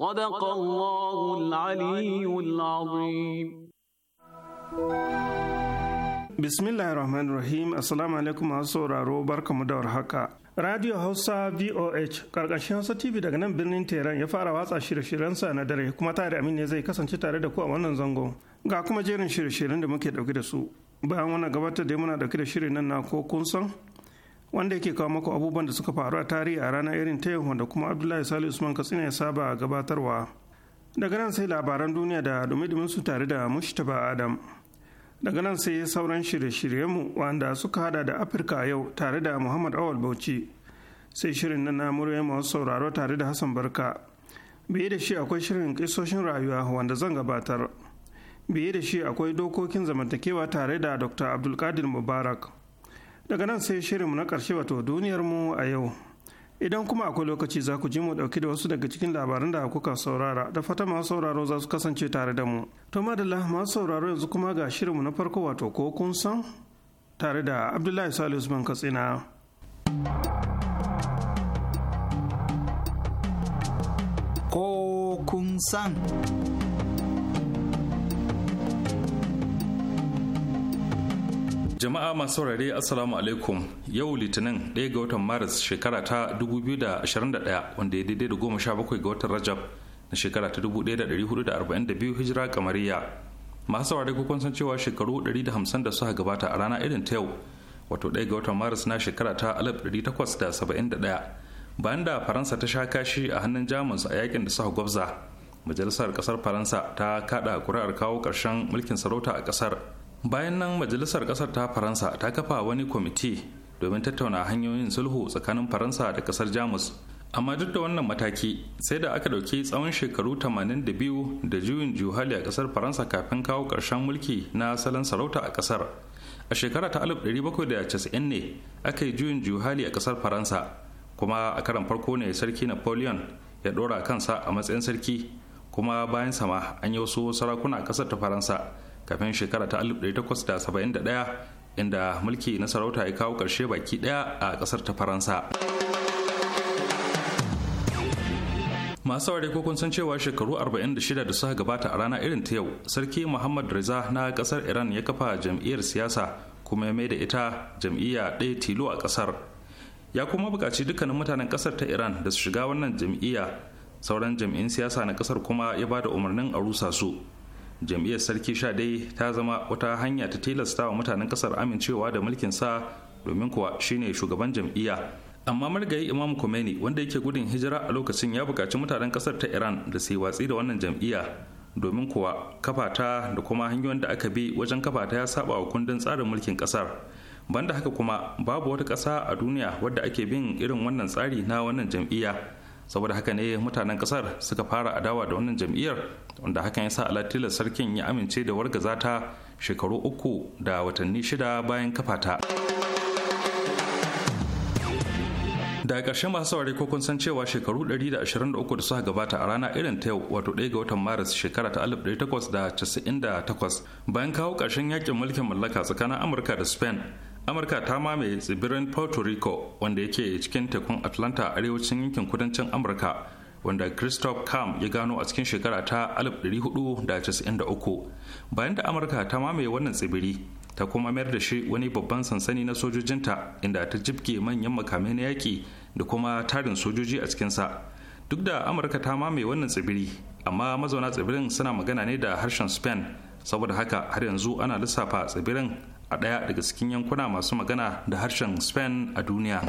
صدق الله العلي العظيم Bismillahir Rahmanir Rahim Assalamu alaikum masu sauraro barkamu da haka. Radio Hausa VOH karkashin Hausa TV daga nan birnin Tehran ya fara watsa shirye-shiryensa na dare kuma tare amin ne zai kasance tare da ku a wannan zangon. Ga kuma jerin shirye-shiryen da muke dauke da su. Bayan wannan gabatar da muna dauke da shirin nan na ko kun san wanda yake kawo maku abubuwan da suka faru a tarihi a ranar irin ta yau wanda kuma abdullahi sali usman katsina ya saba gabatarwa daga nan sai labaran duniya da dumi su tare da mushtaba adam daga nan sai sauran shirye-shiryenmu wanda suka hada da afirka a yau tare da muhammad awal bauchi sai shirin na murya masu sauraro tare da hassan barka biye da shi akwai shirin kisoshin rayuwa wanda zan gabatar biye da shi akwai dokokin zamantakewa tare da dr abdulkadir mubarak daga nan sai shirinmu na ƙarshe wato duniyarmu a yau idan kuma akwai lokaci za ku ji mu ɗauki da wasu daga cikin labaran da kuka saurara da fata masu sauraro za su kasance tare da mu to madalla masu sauraro yanzu kuma ga shirinmu na farko wato ko kun san tare da abdullahi salisu usman katsina ko kun san jama'a masu saurare assalamu alaikum yau litinin 1 ga watan maris shekara ta 2021 wanda ya daidai da 17 ga watan rajab na shekara ta 1442 hijira kamariya masu saurare kukon san cewa shekaru 150 da suka gabata a rana irin ta yau wato 1 ga watan maris na shekara ta 1871 bayan da faransa ta sha kashi a hannun jamus a yakin da suka gwabza majalisar kasar faransa ta kada kuri'ar kawo ƙarshen mulkin sarauta a kasar bayan nan majalisar kasar ta faransa ta kafa wani kwamiti domin tattauna hanyoyin sulhu tsakanin faransa da kasar jamus amma duk da wannan mataki sai da aka ɗauki tsawon shekaru 82 da juyin juhali a kasar faransa kafin kawo ƙarshen mulki na salon sarauta a kasar a shekara ta 1790 ne aka yi juyin juhali a kasar faransa kuma a karan farko ne sarki napoleon ya ɗora kansa a matsayin sarki kuma bayan sama an yi wasu sarakuna a kasar ta faransa kafin shekara ta 1871 inda mulki na sarauta ya kawo ƙarshe baki ɗaya a ƙasar ta faransa masu saurare ko kunsan san cewa shekaru 46 da suka gabata a rana irin ta yau sarki muhammad reza na kasar iran ya kafa jam'iyyar siyasa kuma ya maida ita jam'iyya ɗaya tilo a ƙasar ya kuma buƙaci dukkanin mutanen kasar ta iran da su shiga wannan jam'iyya sauran jam'in siyasa na kasar kuma ya ba da umarnin a rusa su jam'iyyar sarki sha dai ta zama wata hanya ta tilasta wa mutanen kasar amincewa da mulkin sa domin kuwa shine shugaban jam'iyya amma marigayi imam Khomeini wanda yake gudun hijira a lokacin ya buƙaci mutanen kasar ta iran da su watsi da wannan jam'iyya domin kuwa kafata da kuma hanyoyin da aka bi wajen kafata ya saba wa kundin tsarin mulkin kasar banda haka kuma babu wata ƙasa a duniya wadda ake bin irin wannan tsari na wannan jam'iyya saboda haka ne mutanen kasar suka fara adawa da wannan jam'iyyar wanda hakan ya sa alatila sarkin ya amince da wargaza ta shekaru uku da watanni shida bayan kafata. ta daga ƙarshe masu saurari ko kun san cewa shekaru 123 da suka gabata a rana irin ta yau wato ɗaya ga watan maris shekara ta 1898 bayan kawo ƙarshen yakin mulkin mallaka tsakanin amurka da spain amurka ta mamaye tsibirin puerto rico wanda yake cikin tekun atlanta arewacin yankin kudancin amurka wanda christoph kam ya gano a cikin shekara ta 1493 bayan da amurka ta mamaye wannan tsibiri ta kuma mayar da shi wani babban sansani na sojojinta inda ta jibge manyan makamai na yaƙi da kuma tarin sojoji a cikinsa duk da amurka ta mamaye wannan tsibiri amma mazauna tsibirin suna magana ne da harshen spain saboda haka har yanzu ana lissafa tsibirin a ɗaya daga cikin yankuna masu magana da harshen spain a duniya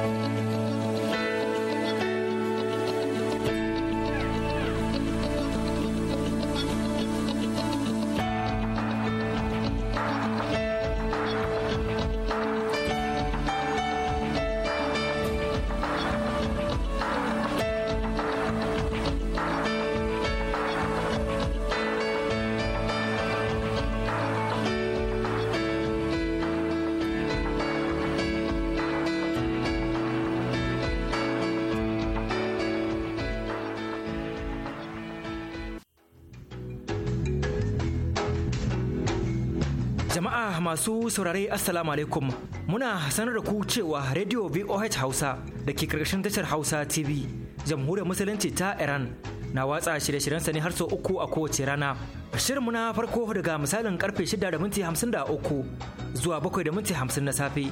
masu saurare Assalamu alaikum muna sanar da ku cewa Radio VOH Hausa da ke karkashin tashar Hausa TV jamhuriyar musulunci ta Iran na watsa shirye-shiryen sani har sau uku a kowace rana. Shirin muna farko daga misalin karfe shida da minti zuwa bakwai na safe.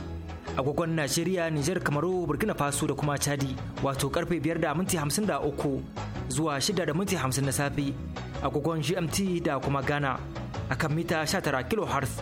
Agogon Najeriya, niger Kamaru, Burkina Faso da kuma Chadi wato karfe biyar da minti hamsin zuwa shida na safe. Agogon GMT da kuma Ghana akan mita 19 kilohertz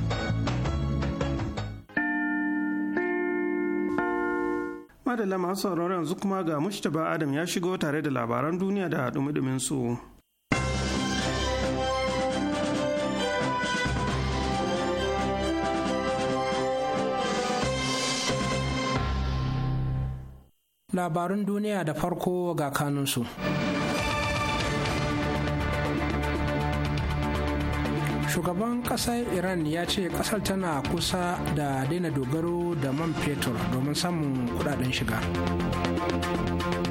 da masu sauraro yanzu kuma ga Mustapha Adam ya shigo tare da labaran duniya da dumi su. Labarun duniya da farko ga kanunsu. shugaban kasar iran ya ce ƙasar tana kusa da daina dogaro da man fetur domin samun kudaden shiga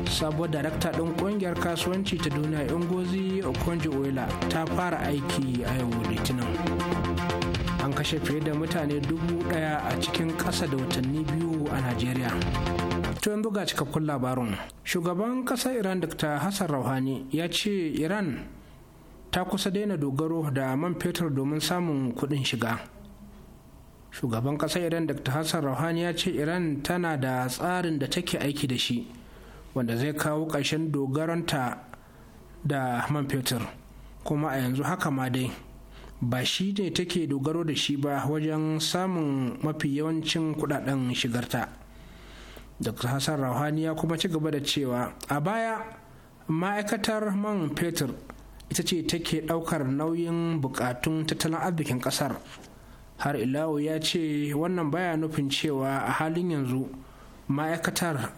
sabuwar darakta ɗin ƙungiyar kasuwanci ta duniya ingozi okonjo oila ta fara aiki a yau litinin an kashe fiye da mutane dubu ɗaya a cikin ƙasa da watanni biyu a najeriya to yanzu ga cikakkun labarin shugaban ƙasar iran dr hassan rauhani ya ce iran ta kusa daina dogaro da man fetur domin samun kuɗin shiga shugaban ƙasar iran dr hassan rouhani ya ce iran tana da tsarin da take aiki da shi wanda zai kawo ƙarshen dogaronta da man fetur kuma a yanzu haka ma dai ba shi ne take dogaro da shi ba wajen samun mafi yawancin kudaden shigarta dr hassan rouhani ya kuma ci gaba da cewa a baya ma'aikatar man fetur ita ce take ɗaukar nauyin bukatun tattalin arzikin ƙasar har ilawo ya ce wannan baya nufin cewa a halin yanzu ma'aikatar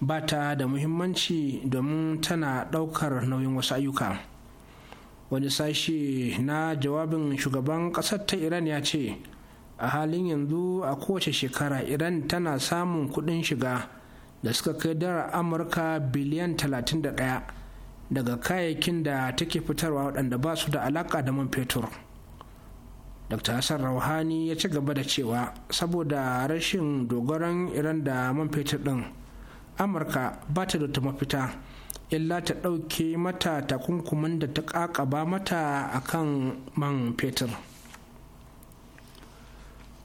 ba ta da muhimmanci domin tana ɗaukar nauyin wasu ayyuka wani sashe na jawabin shugaban ƙasar ta iran ya ce a halin yanzu a kowace shekara iran tana samun kuɗin shiga da suka kai dara amurka biliyan 31 daga kayayyakin da take fitarwa waɗanda ba su da alaƙa da man fetur dr hassan rauhani ya ci gaba da cewa saboda rashin dogaron iran da man fetur ɗin amurka ba ta da mafita illa ta ɗauke mata takunkumin da ta ƙaƙaba mata a kan man fetur.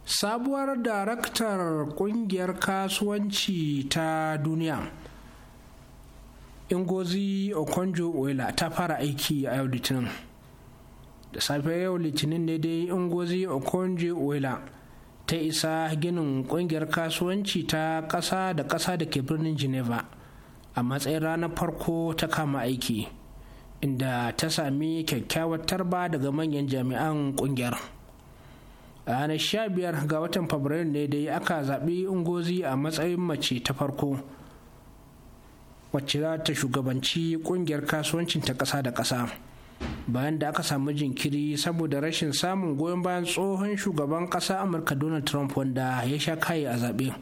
sabuwar daraktar ƙungiyar kasuwanci ta duniya ingozi okonjo oila ta fara aiki a yau litinin da safe yau litinin ne dai ingozi okonjo oila ta isa ginin kungiyar kasuwanci ta kasa da kasa da ke birnin geneva a matsayin ranar farko ta kama aiki inda ta sami kyakkyawar tarba daga manyan jami'an kungiyar a ranar 15 ga watan fabrairu ne dai aka zaɓi ungozi a matsayin mace ta farko wacce za ta shugabanci kungiyar kasuwancin ta ƙasa da ƙasa bayan da aka samu jinkiri saboda rashin samun goyon bayan tsohon shugaban ƙasa amurka donald trump wanda ya sha kayi a zaɓe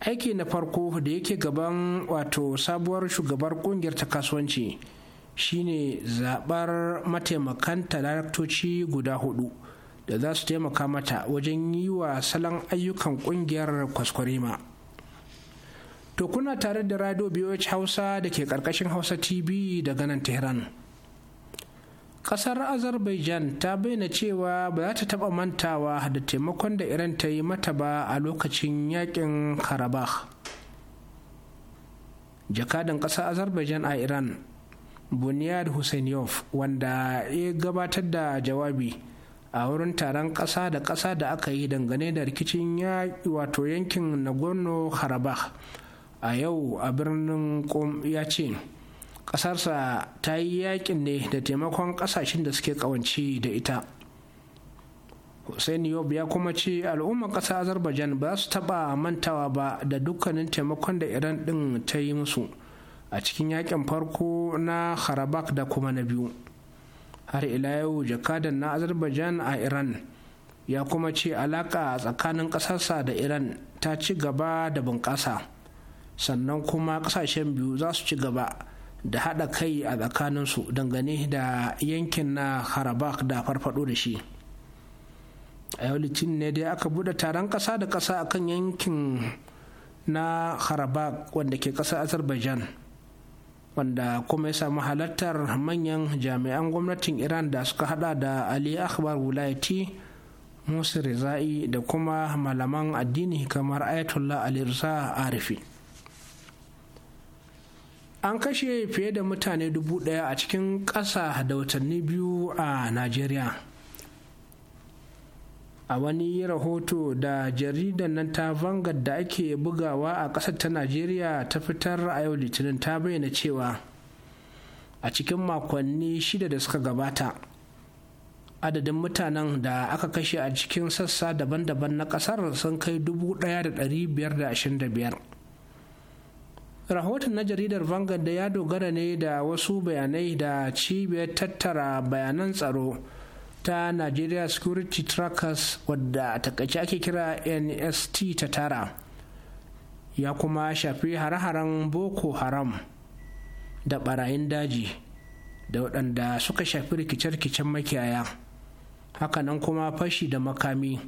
aiki na farko da yake gaban wato sabuwar shugabar kungiyar ta kasuwanci shine zaɓar mataimakan talaktoci guda hudu da za su taimaka mata wajen yi wa salon ayyukan kungiyar kwaskwarima. To kuna tare da radio BOH Hausa da ke ƙarƙashin Hausa TV daga nan Tehran. Kasar Azerbaijan ta bayyana cewa ba za ta taɓa mantawa da taimakon da Iran ta yi mata ba a lokacin yaƙin Karabakh. Jakadan ƙasar Azerbaijan a Iran, Bunyad Husainov, wanda ya gabatar da jawabi a wurin taron ƙasa da ƙasa da aka yi dangane da rikicin wato yankin Nagorno-Karabakh. a yau a birnin kom ya ce ƙasarsa ta yi yakin ne da taimakon ƙasashen da suke ƙawance da ita hussein yob ya kuma ce al'ummar ƙasar azerbaijan ba su taɓa mantawa ba da dukkanin taimakon da iran ɗin ta yi musu a cikin yakin farko na harabak da kuma na biyu har ila yau jakadan na azerbaijan a iran ya kuma ce alaƙa tsakanin ƙasarsa da iran ta ci gaba da bunƙasa. sannan kuma kasashen biyu za su ci gaba da haɗa kai a tsakaninsu dangane da yankin na harabak da farfado da shi a yau litinin ne dai aka bude taron ƙasa da ƙasa akan yankin na harabak wanda ke ƙasar azerbaijan wanda kuma ya samu halartar manyan jami'an gwamnatin iran da suka hada da ali akbar wulayati Musu rizai da kuma malaman addini kamar ayatollah ali riza arifi an kashe fiye da mutane dubu ɗaya a cikin ƙasa da watanni biyu a najeriya a wani rahoto da jaridar nan ta vangar da ake bugawa a ƙasar ta najeriya ta fitar a yau litinin ta bayyana cewa a cikin makonni shida da suka gabata adadin mutanen da aka kashe a cikin sassa daban-daban na ƙasar sun kai 1,525 rahoton na jaridar vanguard da ya dogara ne da wasu bayanai da cibiyar tattara bayanan tsaro ta nigeria security trackers wadda takaice ake kira nst ta tara ya kuma shafi hare-haren boko haram da barayin daji da waɗanda suka shafi rikice-rikicen makiyaya hakanan kuma fashi da makami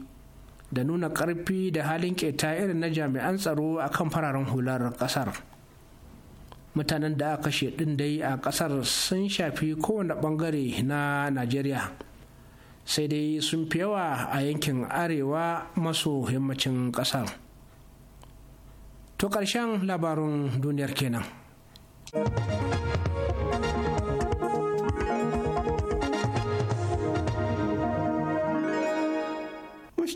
da nuna ƙarfi da halin keta irin na jami'an tsaro akan fararen hular ƙasar. mutanen da aka kashe ɗin dai a ƙasar sun shafi kowane ɓangare na najeriya sai dai sun fi yawa a yankin arewa maso yammacin ƙasar to ƙarshen labarun duniyar kenan.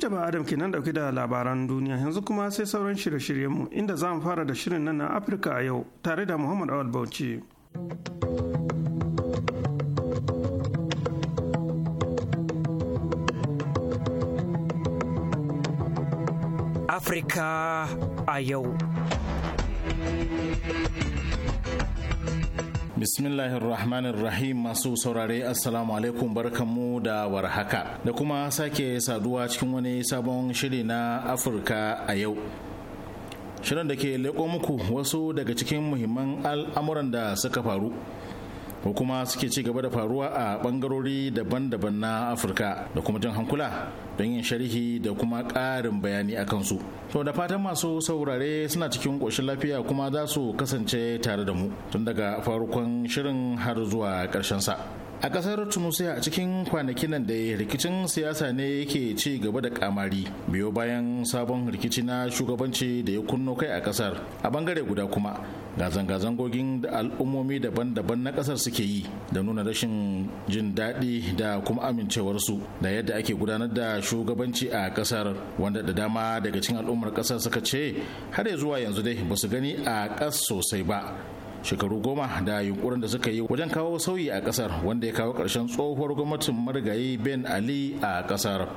Mustapha Adam ke nan dauke da labaran duniya yanzu kuma sai sauran shirye mu inda za mu fara da shirin nan na Afirka a yau tare da Muhammad Awad Bauchi. Afirka a yau. Bismillahirrahmanirrahim masu saurare assalamu alaikum barkanmu da warhaka da kuma sake saduwa cikin wani sabon shiri na Afirka a yau. Shirin da ke leƙo muku wasu daga cikin muhimman al'amuran da suka faru ko kuma suke ci gaba da faruwa a bangarori daban-daban na afirka da kuma jan hankula don yin sharhi da kuma ƙarin bayani a kansu to da fatan masu saurare suna cikin ƙoshin lafiya kuma za su kasance tare da mu tun daga farkon shirin har zuwa ƙarshen sa a kasar tunisia a cikin kwanakin nan da rikicin siyasa ne yake ci gaba da kamari biyo bayan sabon rikici na shugabanci da ya kunno kai a kasar a bangare guda kuma ga zanga-zangogin da al'ummomi daban-daban na kasar suke yi da nuna rashin jin daɗi da kuma amincewarsu da yadda ake gudanar da shugabanci a kasar wanda da dama daga cikin al'ummar kasar suka ce har zuwa yanzu dai ba su gani a ƙas sosai ba shekaru goma da yunkurin da suka yi wajen kawo sauyi a kasar wanda ya kawo karshen tsohuwar gwamnatin marigayi ben ali a kasar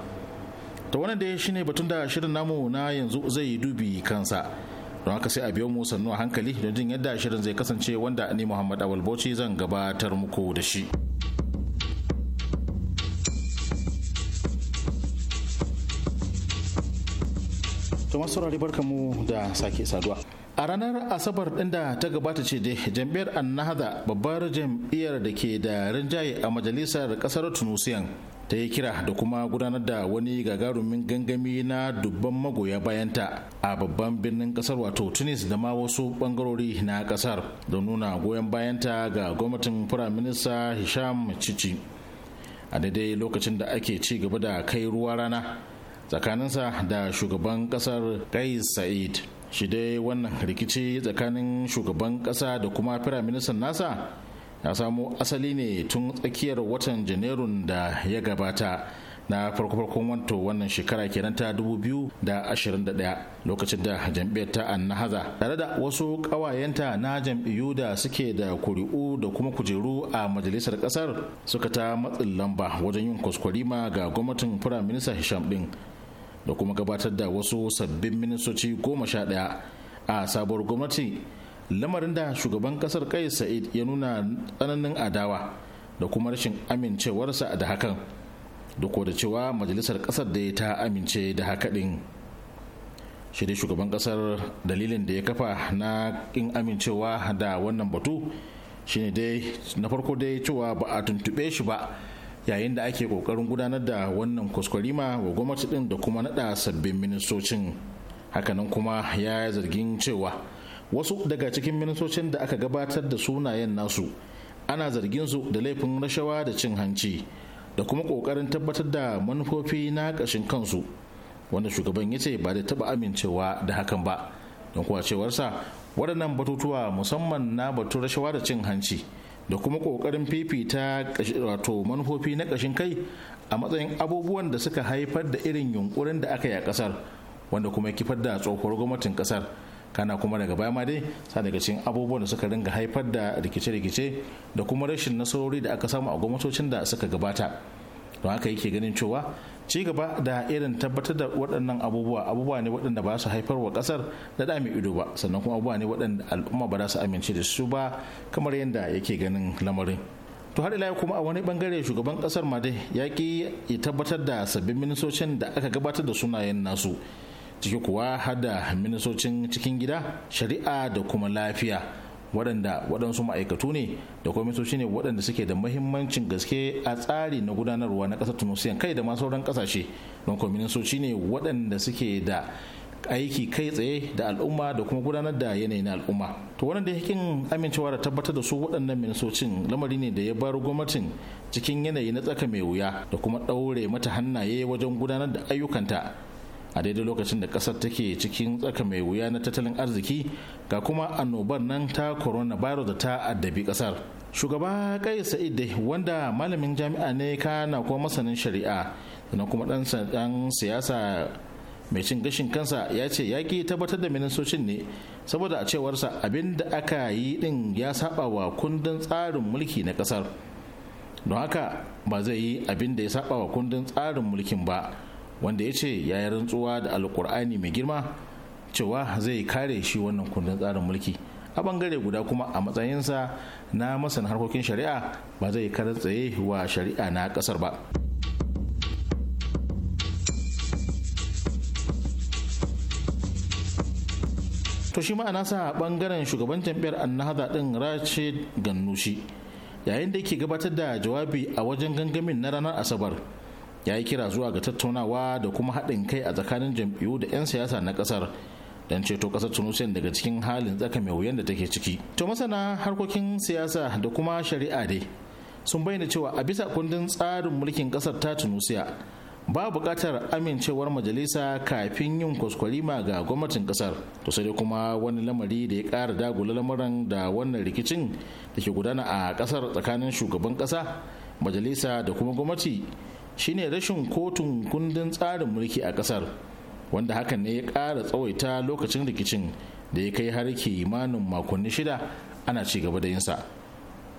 ta wannan da ne batun da shirin namu na yanzu zai dubi kansa don haka sai a biyo mu sannu a hankali don jin yadda shirin zai kasance wanda ni muhammad awal bauchi zan gabatar muku da shi to masu barkamu da sake saduwa a ranar asabar din da ta gabata ce dai, jam'iyyar annahda babbar jam'iyyar da ke da rinjaye a majalisar kasar Tunisiyan, ta yi kira da kuma gudanar da wani gagarumin gangami na dubban magoya bayanta a babban birnin kasar wato tunis da ma wasu bangarori na kasar da nuna goyon bayanta ga gwamnatin firaminista hisham cici a daidai lokacin da ake ci gaba da kai ruwa rana tsakaninsa da shugaban kasar kais sa'id shi dai wannan rikici tsakanin shugaban kasa da kuma firaministan nasa ya samo asali ne tun tsakiyar watan janairun da ya gabata na farko-farkon wanto wannan shekara kenan ta 2021 lokacin da jam'iyyar ta annahaza tare da wasu kawayenta na jam'iyyu da suke da kuri'u da kuma kujeru a majalisar kasar suka ta matsin lamba wajen yin kwaskwarima ga gwamnatin firaminista hisham din da kuma gabatar da wasu sabbin ministoci goma sha ɗaya a sabuwar gwamnati lamarin da shugaban kasar kai sa'id ya nuna tsananin adawa da kuma rashin amincewarsa da hakan da da cewa majalisar kasar da ta amince da haka din, shi shugaban kasar dalilin da ya kafa na in amincewa da wannan batu shine dai na farko dai cewa ba a tuntube shi ba yayin da ake kokarin gudanar da wannan kwaskwarima wa gwamnati din da kuma nada sabbin ministocin hakanan kuma ya zargin cewa wasu daga cikin ministocin da aka gabatar da sunayen nasu ana zargin su da laifin rashawa da cin hanci da kuma kokarin tabbatar da manufofi na kashin kansu wanda shugaban ya ce ba da taba amincewa da hakan ba don kuwa cewarsa waɗannan batutuwa musamman na batun rashawa da cin hanci da kuma kokarin fifita wato manufofi na kashin kai a matsayin abubuwan da suka haifar da irin yunkurin da aka yi a kasar wanda kuma ya kifar da tsohuwar gwamnatin kasar kana kuma daga baya ma dai sa daga cikin abubuwan da suka ringa haifar da rikice-rikice da kuma rashin nasarori da aka samu a gwamnatocin da suka gabata don haka yake ganin cewa ci gaba da irin tabbatar da waɗannan abubuwa abubuwa ne waɗanda ba su haifar wa ƙasar da dami ido ba sannan kuma abubuwa ne waɗanda al'umma ba za su amince da su ba kamar yadda yake ganin lamarin to har ila kuma a wani bangare shugaban ƙasar ma dai ya ki ya tabbatar da sabbin ministocin da aka gabatar da sunayen nasu ciki kuwa hada ministocin cikin gida shari'a da kuma lafiya waɗanda waɗansu ma'aikatu ne da kwamitoci ne waɗanda suke da mahimmancin gaske a tsari na gudanarwa na ƙasar tunisiyan kai da ma sauran ƙasashe don kwamitoci ne waɗanda suke da aiki kai tsaye da al'umma da kuma gudanar da yanayin al'umma to wannan da yakin amincewa da tabbatar da su waɗannan ministocin lamari ne da ya bar gwamnatin cikin yanayi na tsaka mai wuya da kuma ɗaure mata hannaye wajen gudanar da ayyukanta a daidai lokacin da kasar take cikin tsaka mai wuya na tattalin arziki ga kuma annobar nan ta coronavirus da ta addabi kasar shugaba kai sa'id wanda malamin jami'a ne kana kuma masanin shari'a sannan kuma dan siyasa mai cin gashin kansa ya ce ya ki tabbatar da ministocin ne saboda a cewarsa abin da aka yi din ya saba wa kundin tsarin mulki na kasar don haka ba zai yi abin da ya saba wa kundin tsarin mulkin ba wanda ya ce ya yi rantsuwa da alkur'ani mai girma cewa zai kare shi wannan kundin tsarin mulki a bangare guda kuma a matsayinsa na masana harkokin shari'a ba zai karar tsaye wa shari'a na kasar ba to shi ma'ana sa bangaren shugaban jam'iyyar annahada din rashid gannushi yayin da ke gabatar da jawabi a wajen gangamin na ranar asabar ya yi kira zuwa ga tattaunawa da kuma haɗin kai a tsakanin jam'iyyu da 'yan siyasa na ƙasar don ceto ƙasar Tunisia daga cikin halin tsaka mai wuyan da take ciki to masana harkokin siyasa da kuma shari'a dai sun bayyana cewa a bisa kundin tsarin mulkin ƙasar ta tunisiya ba buƙatar amincewar majalisa kafin yin kwaskwarima ga gwamnatin ƙasar to sai dai kuma wani lamari da ya ƙara dagula lamarin da wannan rikicin da ke gudana a ƙasar tsakanin shugaban ƙasa majalisa da kuma gwamnati shine rashin kotun kundin tsarin mulki a kasar wanda hakan ne ya ƙara tsawaita lokacin rikicin da ya kai har kimanin makonni shida ana ci gaba da yinsa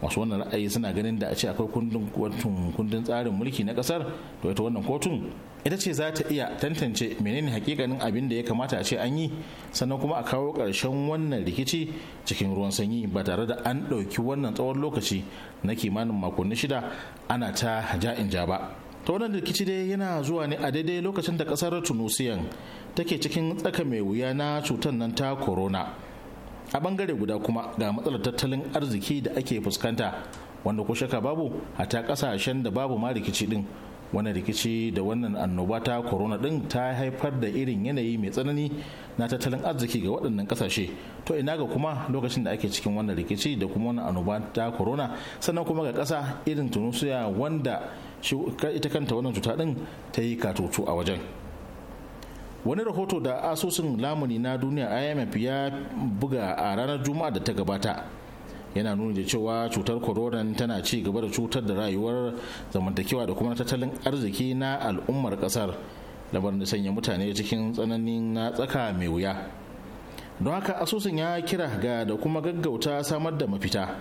masu wannan ra'ayi suna ganin da a ce akwai kundin kotun kundin tsarin mulki na kasar to ita wannan kotun ita ce za ta iya tantance menene hakikanin abin da ya kamata a ce an yi sannan kuma a kawo ƙarshen wannan rikici cikin ruwan sanyi ba tare da an ɗauki wannan tsawon lokaci na kimanin makonni shida ana ta ja'in ja ba ta wannan rikici dai yana zuwa ne a daidai lokacin da kasar tunisiyan take cikin tsaka mai wuya na cutar nan ta corona a bangare guda kuma ga matsalar tattalin arziki da ake fuskanta wanda ko shaka babu ta kasashen da babu ma rikici din wannan rikici da wannan annoba ta corona din ta haifar da irin yanayi mai tsanani na tattalin arziki ga waɗannan kasashe to ina ga kuma lokacin da ake cikin wannan rikici da kuma wannan annoba ta corona sannan kuma ga ƙasa irin tunisia wanda ita kanta wannan cuta din ta yi katutu a wajen wani rahoto da asusun lamuni na duniya imf ya buga a ranar juma'a da ta gabata yana nuna da cewa cutar corona tana ci gaba da cutar da rayuwar zamantakewa da kuma tattalin arziki na al'ummar kasar labarin da sanya mutane cikin tsananin na tsaka mai wuya don haka asusun ya kira ga da kuma gaggauta samar da mafita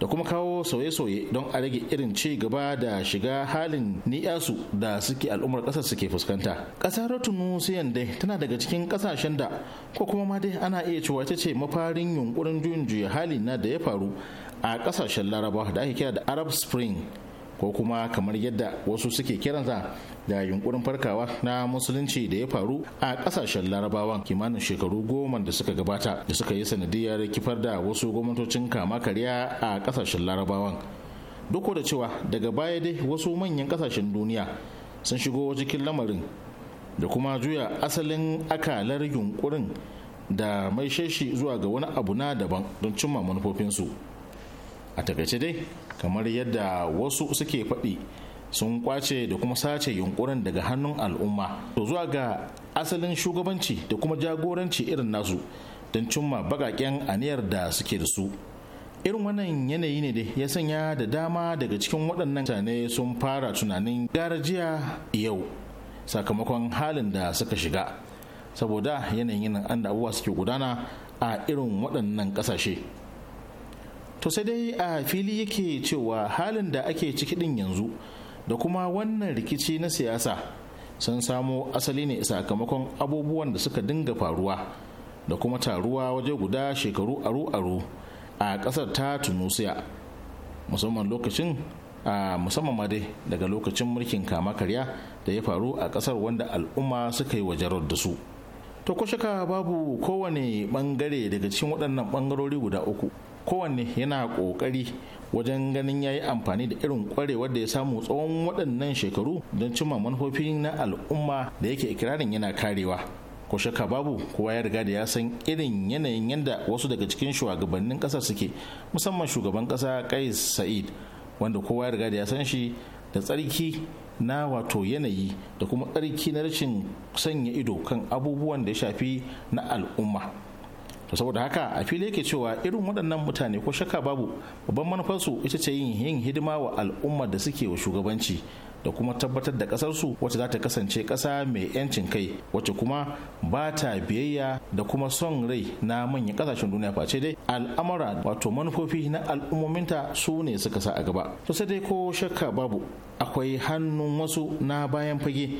da kuma kawo sauye-sauye don a rage irin ci gaba da shiga halin ni'yasu da suke al'ummar kasar suke fuskanta kasar tunisiyan dai tana daga cikin kasashen da ko kuma ma dai ana iya cewa ce mafarin yunkurin juyin juya hali na da ya faru a kasashen laraba da ake kira da arab spring ko kuma kamar yadda wasu suke kiransa da yunkurin farkawa na musulunci da ya faru a kasashen larabawan kimanin shekaru goma da suka gabata da suka yi sanadiyar kifar da wasu gwamnatocin kama karya a kasashen larabawan duk da cewa daga baya dai wasu manyan kasashen duniya sun shigo cikin lamarin da kuma juya asalin akalar yunkurin da mai sheshi zuwa ga wani abu na daban don cimma manufofinsu a takaice dai kamar yadda wasu suke faɗi sun kwace da kuma sace yunkurin daga hannun al'umma to zuwa ga asalin shugabanci da kuma jagoranci irin nasu don cimma bakaken aniyar da suke da su irin wannan yanayi ne da ya sanya da dama daga cikin waɗannan mutane sun fara tunanin garajiya yau sakamakon halin da suka shiga saboda yanayin an da abubuwa suke gudana a irin waɗannan ƙasashe to sai dai a fili yake cewa halin da ake ciki ɗin yanzu da kuma wannan rikici na siyasa sun samo asali ne sakamakon abubuwan da suka dinga faruwa da kuma taruwa waje guda shekaru aru-aru a ƙasar ta tunusiya musamman lokacin a musamman ma dai daga lokacin mulkin kama karya da ya faru a ƙasar wanda al'umma suka yi wajarar da su to ko babu kowane ɓangare daga cikin waɗannan bangarori guda uku kowanne yana ƙoƙari wajen ganin ya yi amfani da irin kware da ya samu tsawon waɗannan shekaru don cimma manufofi na al'umma da yake ikirarin yana karewa ko shaka babu kowa ya riga da ya san irin yanayin yadda wasu daga cikin shugabannin ƙasar suke musamman shugaban ƙasa kais sa'id wanda kowa ya riga da ya san shi da tsarki na wato yanayi da kuma tsarki na rashin sanya ido kan abubuwan da ya shafi na al'umma saboda haka a fili yake cewa irin waɗannan mutane ko shakka babu babban manufarsu ita ce yin yin hidima wa al'ummar da suke wa shugabanci da kuma tabbatar da ƙasarsu wacce za ta kasance ƙasa mai 'yancin kai wacce kuma ba ta biyayya da kuma son rai na manyan ƙasashen duniya face dai al'amura wato manufofi na al'ummominta su ne suka sa a gaba to sai dai ko shakka babu akwai hannun wasu na bayan fage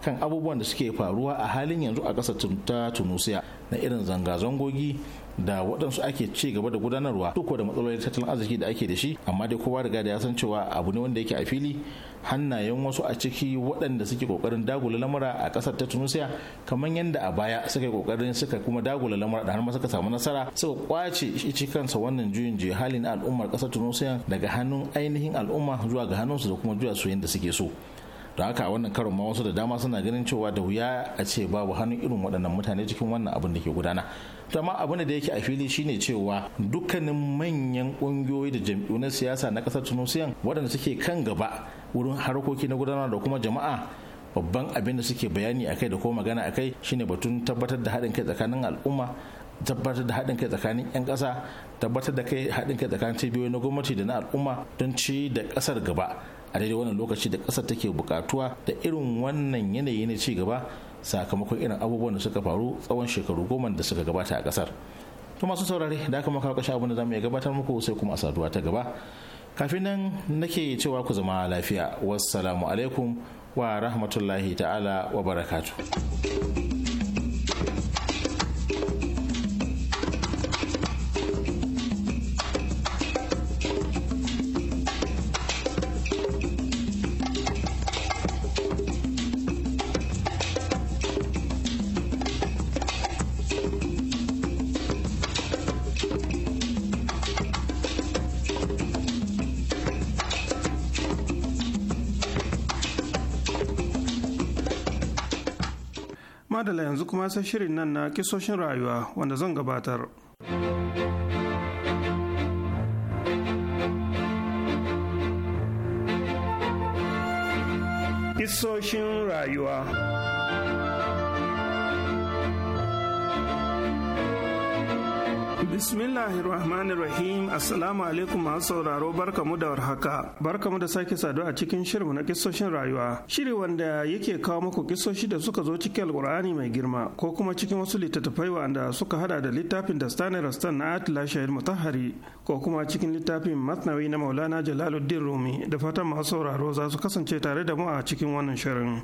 kan abubuwan da suke faruwa a halin yanzu a ƙasar ta tunusiya na irin zanga-zangogi da waɗansu ake ci gaba da gudanarwa duk da matsalolin tattalin arziki da ake da shi amma dai kowa riga da ya san cewa abu ne wanda yake a fili hannayen wasu a ciki waɗanda suke kokarin dagula lamura a ƙasar ta tunisia kamar yadda a baya suka yi kokarin suka kuma dagula lamura da har ma suka samu nasara suka kwace shi kansa wannan juyin hali halin al'ummar ƙasar tunisia daga hannun ainihin al'umma zuwa ga hannunsu da kuma juya su yadda suke so da haka a wannan karon ma wasu da dama suna ganin cewa da wuya a ce babu hannun irin waɗannan mutane cikin wannan abin da ke gudana amma abin da yake a fili shine cewa dukkanin manyan ƙungiyoyi da jam'iyyu na siyasa na ƙasar tunisiyan waɗanda suke kan gaba wurin harkoki na gudanar da kuma jama'a babban abin da suke bayani akai da kuma magana akai shine batun tabbatar da haɗin kai tsakanin al'umma tabbatar da haɗin kai tsakanin 'yan ƙasa tabbatar da kai haɗin kai tsakanin cibiyoyi na gwamnati da na al'umma don ci da ƙasar gaba a daidai wannan lokaci da ƙasar take buƙatuwa da irin wannan yanayi na ci gaba sakamakon irin abubuwan da suka faru tsawon shekaru goma da suka gabata a ƙasar to masu saurare da aka maka kashe abin da mu iya gabatar muku sai kuma a saduwa ta gaba kafin nan nake cewa ku zama lafiya wassalamu alaikum wa rahmatullahi ta'ala wa barakatu. madala yanzu kuma sai shirin nan na kisoshin rayuwa wanda zan gabatar. Kisoshin rayuwa Bismillahirrahmanirrahim Assalamu alaikum masu sauraro barkamu da warhaka barkamu da sake saduwa a cikin shirinmu na kisoshin rayuwa shiri wanda yake kawo muku kisoshi da suka zo cikin alkur'ani mai girma ko kuma cikin wasu littattafai wanda suka hada da littafin da Stani Rastan na Atila Shahid Mutahari ko kuma cikin littafin Masnawi na Maulana Jalaluddin Rumi da fatan masu sauraro za su kasance tare da mu a cikin wannan shirin.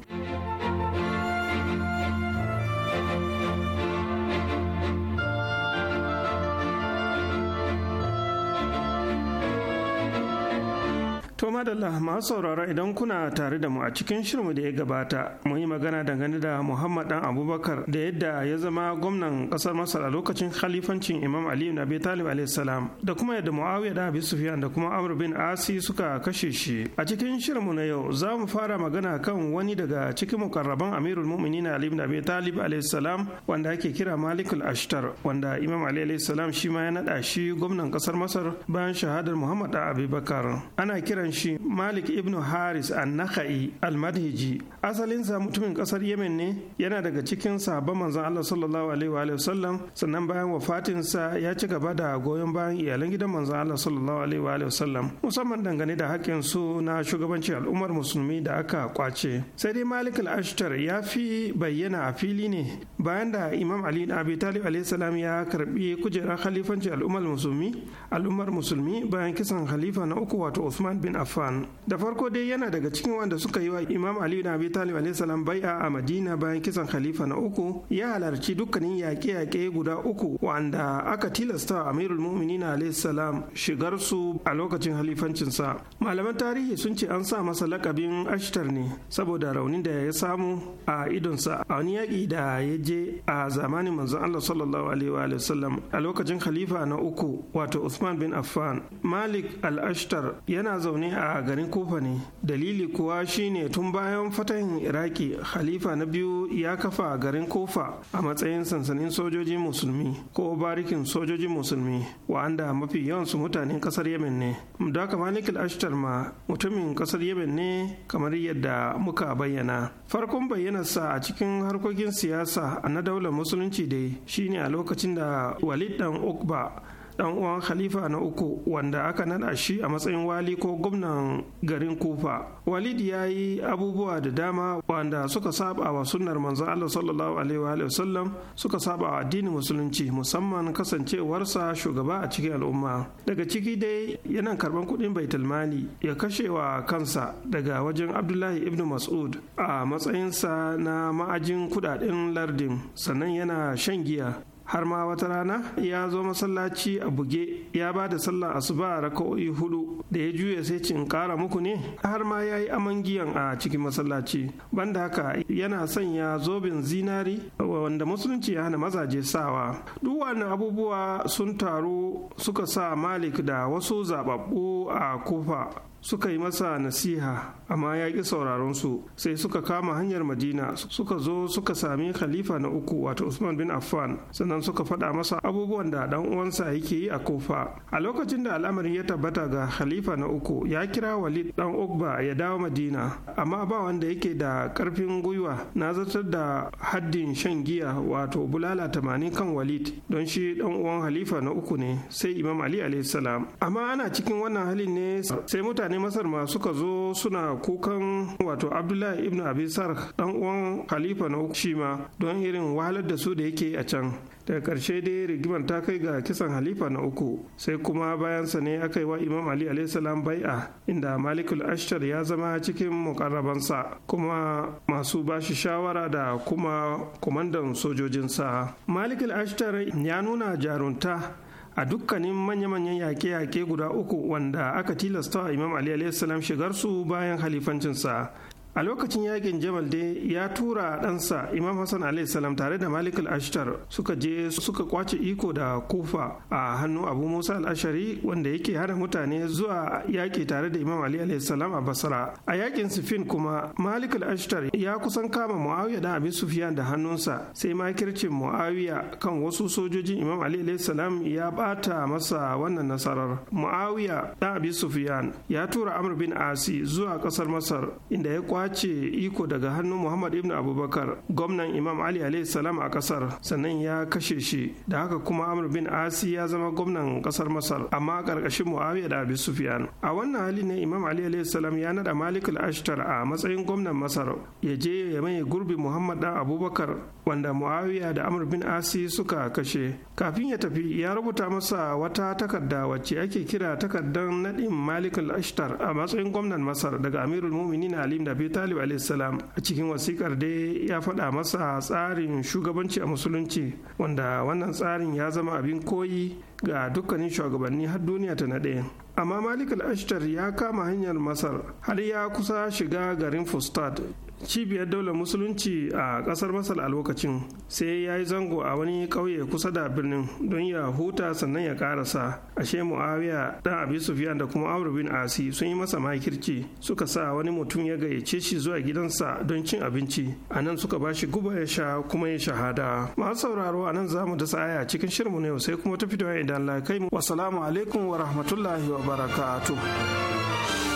To madalla masu sauraro idan kuna tare da mu a cikin shirinmu da ya gabata mun yi magana dangane da Muhammad dan Abubakar da yadda ya zama gwamnan kasar Masar a lokacin khalifancin Imam Ali ibn Abi Talib salam da kuma yadda Muawiya da Abi Sufyan da kuma Amr bin Asi suka kashe shi. A cikin shirinmu na yau za mu fara magana kan wani daga cikin mukarraban Amirul Mu'minin Ali ibn Abi Talib salam wanda ake kira Malikul Ashtar wanda Imam Ali salam shi ma ya naɗa shi gwamnan kasar Masar bayan shahadar Muhammad dan Abubakar. Ana kira kiran shi Malik ibn Haris an-Nakhai al-Madhiji asalinsa mutumin kasar Yemen ne yana daga cikin sahabban manzon Allah sallallahu alaihi wa sallam sannan bayan wafatin sa ya ci gaba da goyon bayan iyalan gidan manzon Allah sallallahu alaihi wa sallam musamman dangane da hakkin su na shugabancin al'ummar musulmi da aka kwace sai dai Malik al-Ashtar ya fi bayyana a fili ne bayan da Imam Ali da Abi Talib alaihi salam ya karbi kujerar khalifanci al'ummar musulmi al'ummar musulmi bayan kisan khalifa na uku wato Usman bin Affan da farko dai yana daga cikin wanda suka yi wa Imam Ali na Abi Talib alayhi salam bai'a a Madina bayan kisan khalifa na uku ya halarci dukkanin yaƙe-yaƙe guda uku wanda aka tilasta Amirul Mu'minin alayhi salam shigar su a lokacin halifancinsa. Malaman tarihi sun ce an sa masa lakabin Ashtar ne saboda raunin da ya samu a idonsa a wani yaƙi da ya je a zamanin manzon Allah sallallahu alaihi wa sallam a lokacin khalifa na uku wato Usman bin Affan. Malik al-Ashtar yana zaune ne a garin kofa ne dalili kuwa shine tun bayan fatahin iraki khalifa na biyu ya kafa garin kofa a matsayin sansanin sojojin musulmi ko barikin sojojin musulmi wa'anda mafi yawansu mutanen kasar yemen ne mudaka malik ashtar ma mutumin kasar yemen ne kamar yadda muka bayyana farkon sa a cikin harkokin siyasa na daular musulunci dai shine a lokacin da walid dan ukba dan uwan khalifa na uku wanda aka nada shi a matsayin wali ko gwamnan garin kufa walid ya yi abubuwa da dama wanda suka saba wa sunnar manzon allah sallallahu alaihi wa sallam suka saba wa addinin musulunci musamman kasancewarsa shugaba a cikin al'umma daga ciki dai yana karban kuɗin baitulmali ya kashe wa kansa daga wajen abdullahi ibn mas'ud a matsayinsa na ma'ajin kudaden lardin sannan yana shan giya har ma wata rana ya zo masallaci a buge ya ba da sallar asuba a raka'o'i hudu da ya juya sai cin kara muku ne har ma ya yi aman giyan a cikin masallaci banda haka yana sanya zobin zinari wanda musulunci ya hana mazaje sawa duk wannan abubuwa sun taru suka sa malik da wasu zababbu a kufa suka yi masa nasiha amma ya ƙi sauraron su sai suka kama hanyar madina suka zo suka sami khalifa na uku wato usman bin affan sannan suka faɗa masa abubuwan da ɗan uwansa yake yi a kofa a lokacin da al'amarin ya tabbata ga khalifa na uku ya kira walid ɗan ukba ya dawo madina amma ba wanda yake da ƙarfin gwiwa na zartar da haddin shan giya wato bulala tamanin kan walid don shi ɗan uwan khalifa na uku ne sai imam ali alayhi salam amma ana cikin wannan halin ne sai mutane mutane masar ma suka zo suna kukan wato abdullahi ibn abisar dan uwan khalifa na uku shima don irin wahalar da su da yake a can daga karshe dai rigimar ta kai ga kisan halifa na uku sai kuma bayansa ne aka yi wa imam ali salam bai'a inda malikul ashtar ya zama cikin mukarrabansa kuma masu bashi shawara da kuma kumandan sojojinsa malikul ashtar ya nuna jarunta a dukkanin manya-manyan yaƙe-yaƙe guda uku wanda aka tilasta imam ali salam shigar su bayan halifancinsa a lokacin yakin jamal dai ya tura ɗansa imam hassan salam tare da malik al-ashtar suka je suka kwace iko da kufa a hannu abu musa al-ashari wanda yake hana mutane zuwa yaƙi tare da imam ali salam a basra a yakin sifin kuma malik al-ashtar ya kusan kama muawiya da abin sufiyan da hannunsa sai ma makircin muawiya kan wasu sojojin imam ali salam ya bata masa wannan nasarar muawiya da abin sufiyan ya tura amr bin asi zuwa ƙasar masar inda ya kwace kwace iko daga hannun muhammad ibn abubakar gwamnan imam ali salam a kasar sannan ya kashe shi da haka kuma amr bin asi ya zama gwamnan kasar masar amma karkashin muawiya da abi sufyan a wannan hali ne imam ali salam ya nada malik al-ashtar a matsayin gwamnan masar ya je ya mai gurbi muhammad dan abubakar wanda muawiya da amr bin asi suka kashe kafin ya tafi ya rubuta masa wata takarda wacce ake kira takardar nadin malik al-ashtar a matsayin gwamnan masar daga amirul mu'minin ali ibn abi talib alaihissalam a cikin wasikar dai ya faɗa masa tsarin shugabanci a musulunci wanda wannan tsarin ya zama abin koyi ga dukkanin shugabanni har duniya ta naɗe amma malik al-ashtar ya kama hanyar masar har ya kusa shiga garin fustad cibiyar daular musulunci a kasar masar a lokacin sai ya yi zango a wani ƙauye kusa da birnin don ya huta sannan ya karasa ashe muawiya dan abi sufyan da kuma amr bin asi sun yi masa makirci suka sa wani mutum ya gayyace shi zuwa gidansa don cin abinci a nan suka ba shi guba ya sha kuma ya shahada masu sauraro a nan zamu dasa aya cikin shirmu na yau sai kuma ta fitowa idan la kai mu wasalamu alaikum wa rahmatullahi wa barakatuh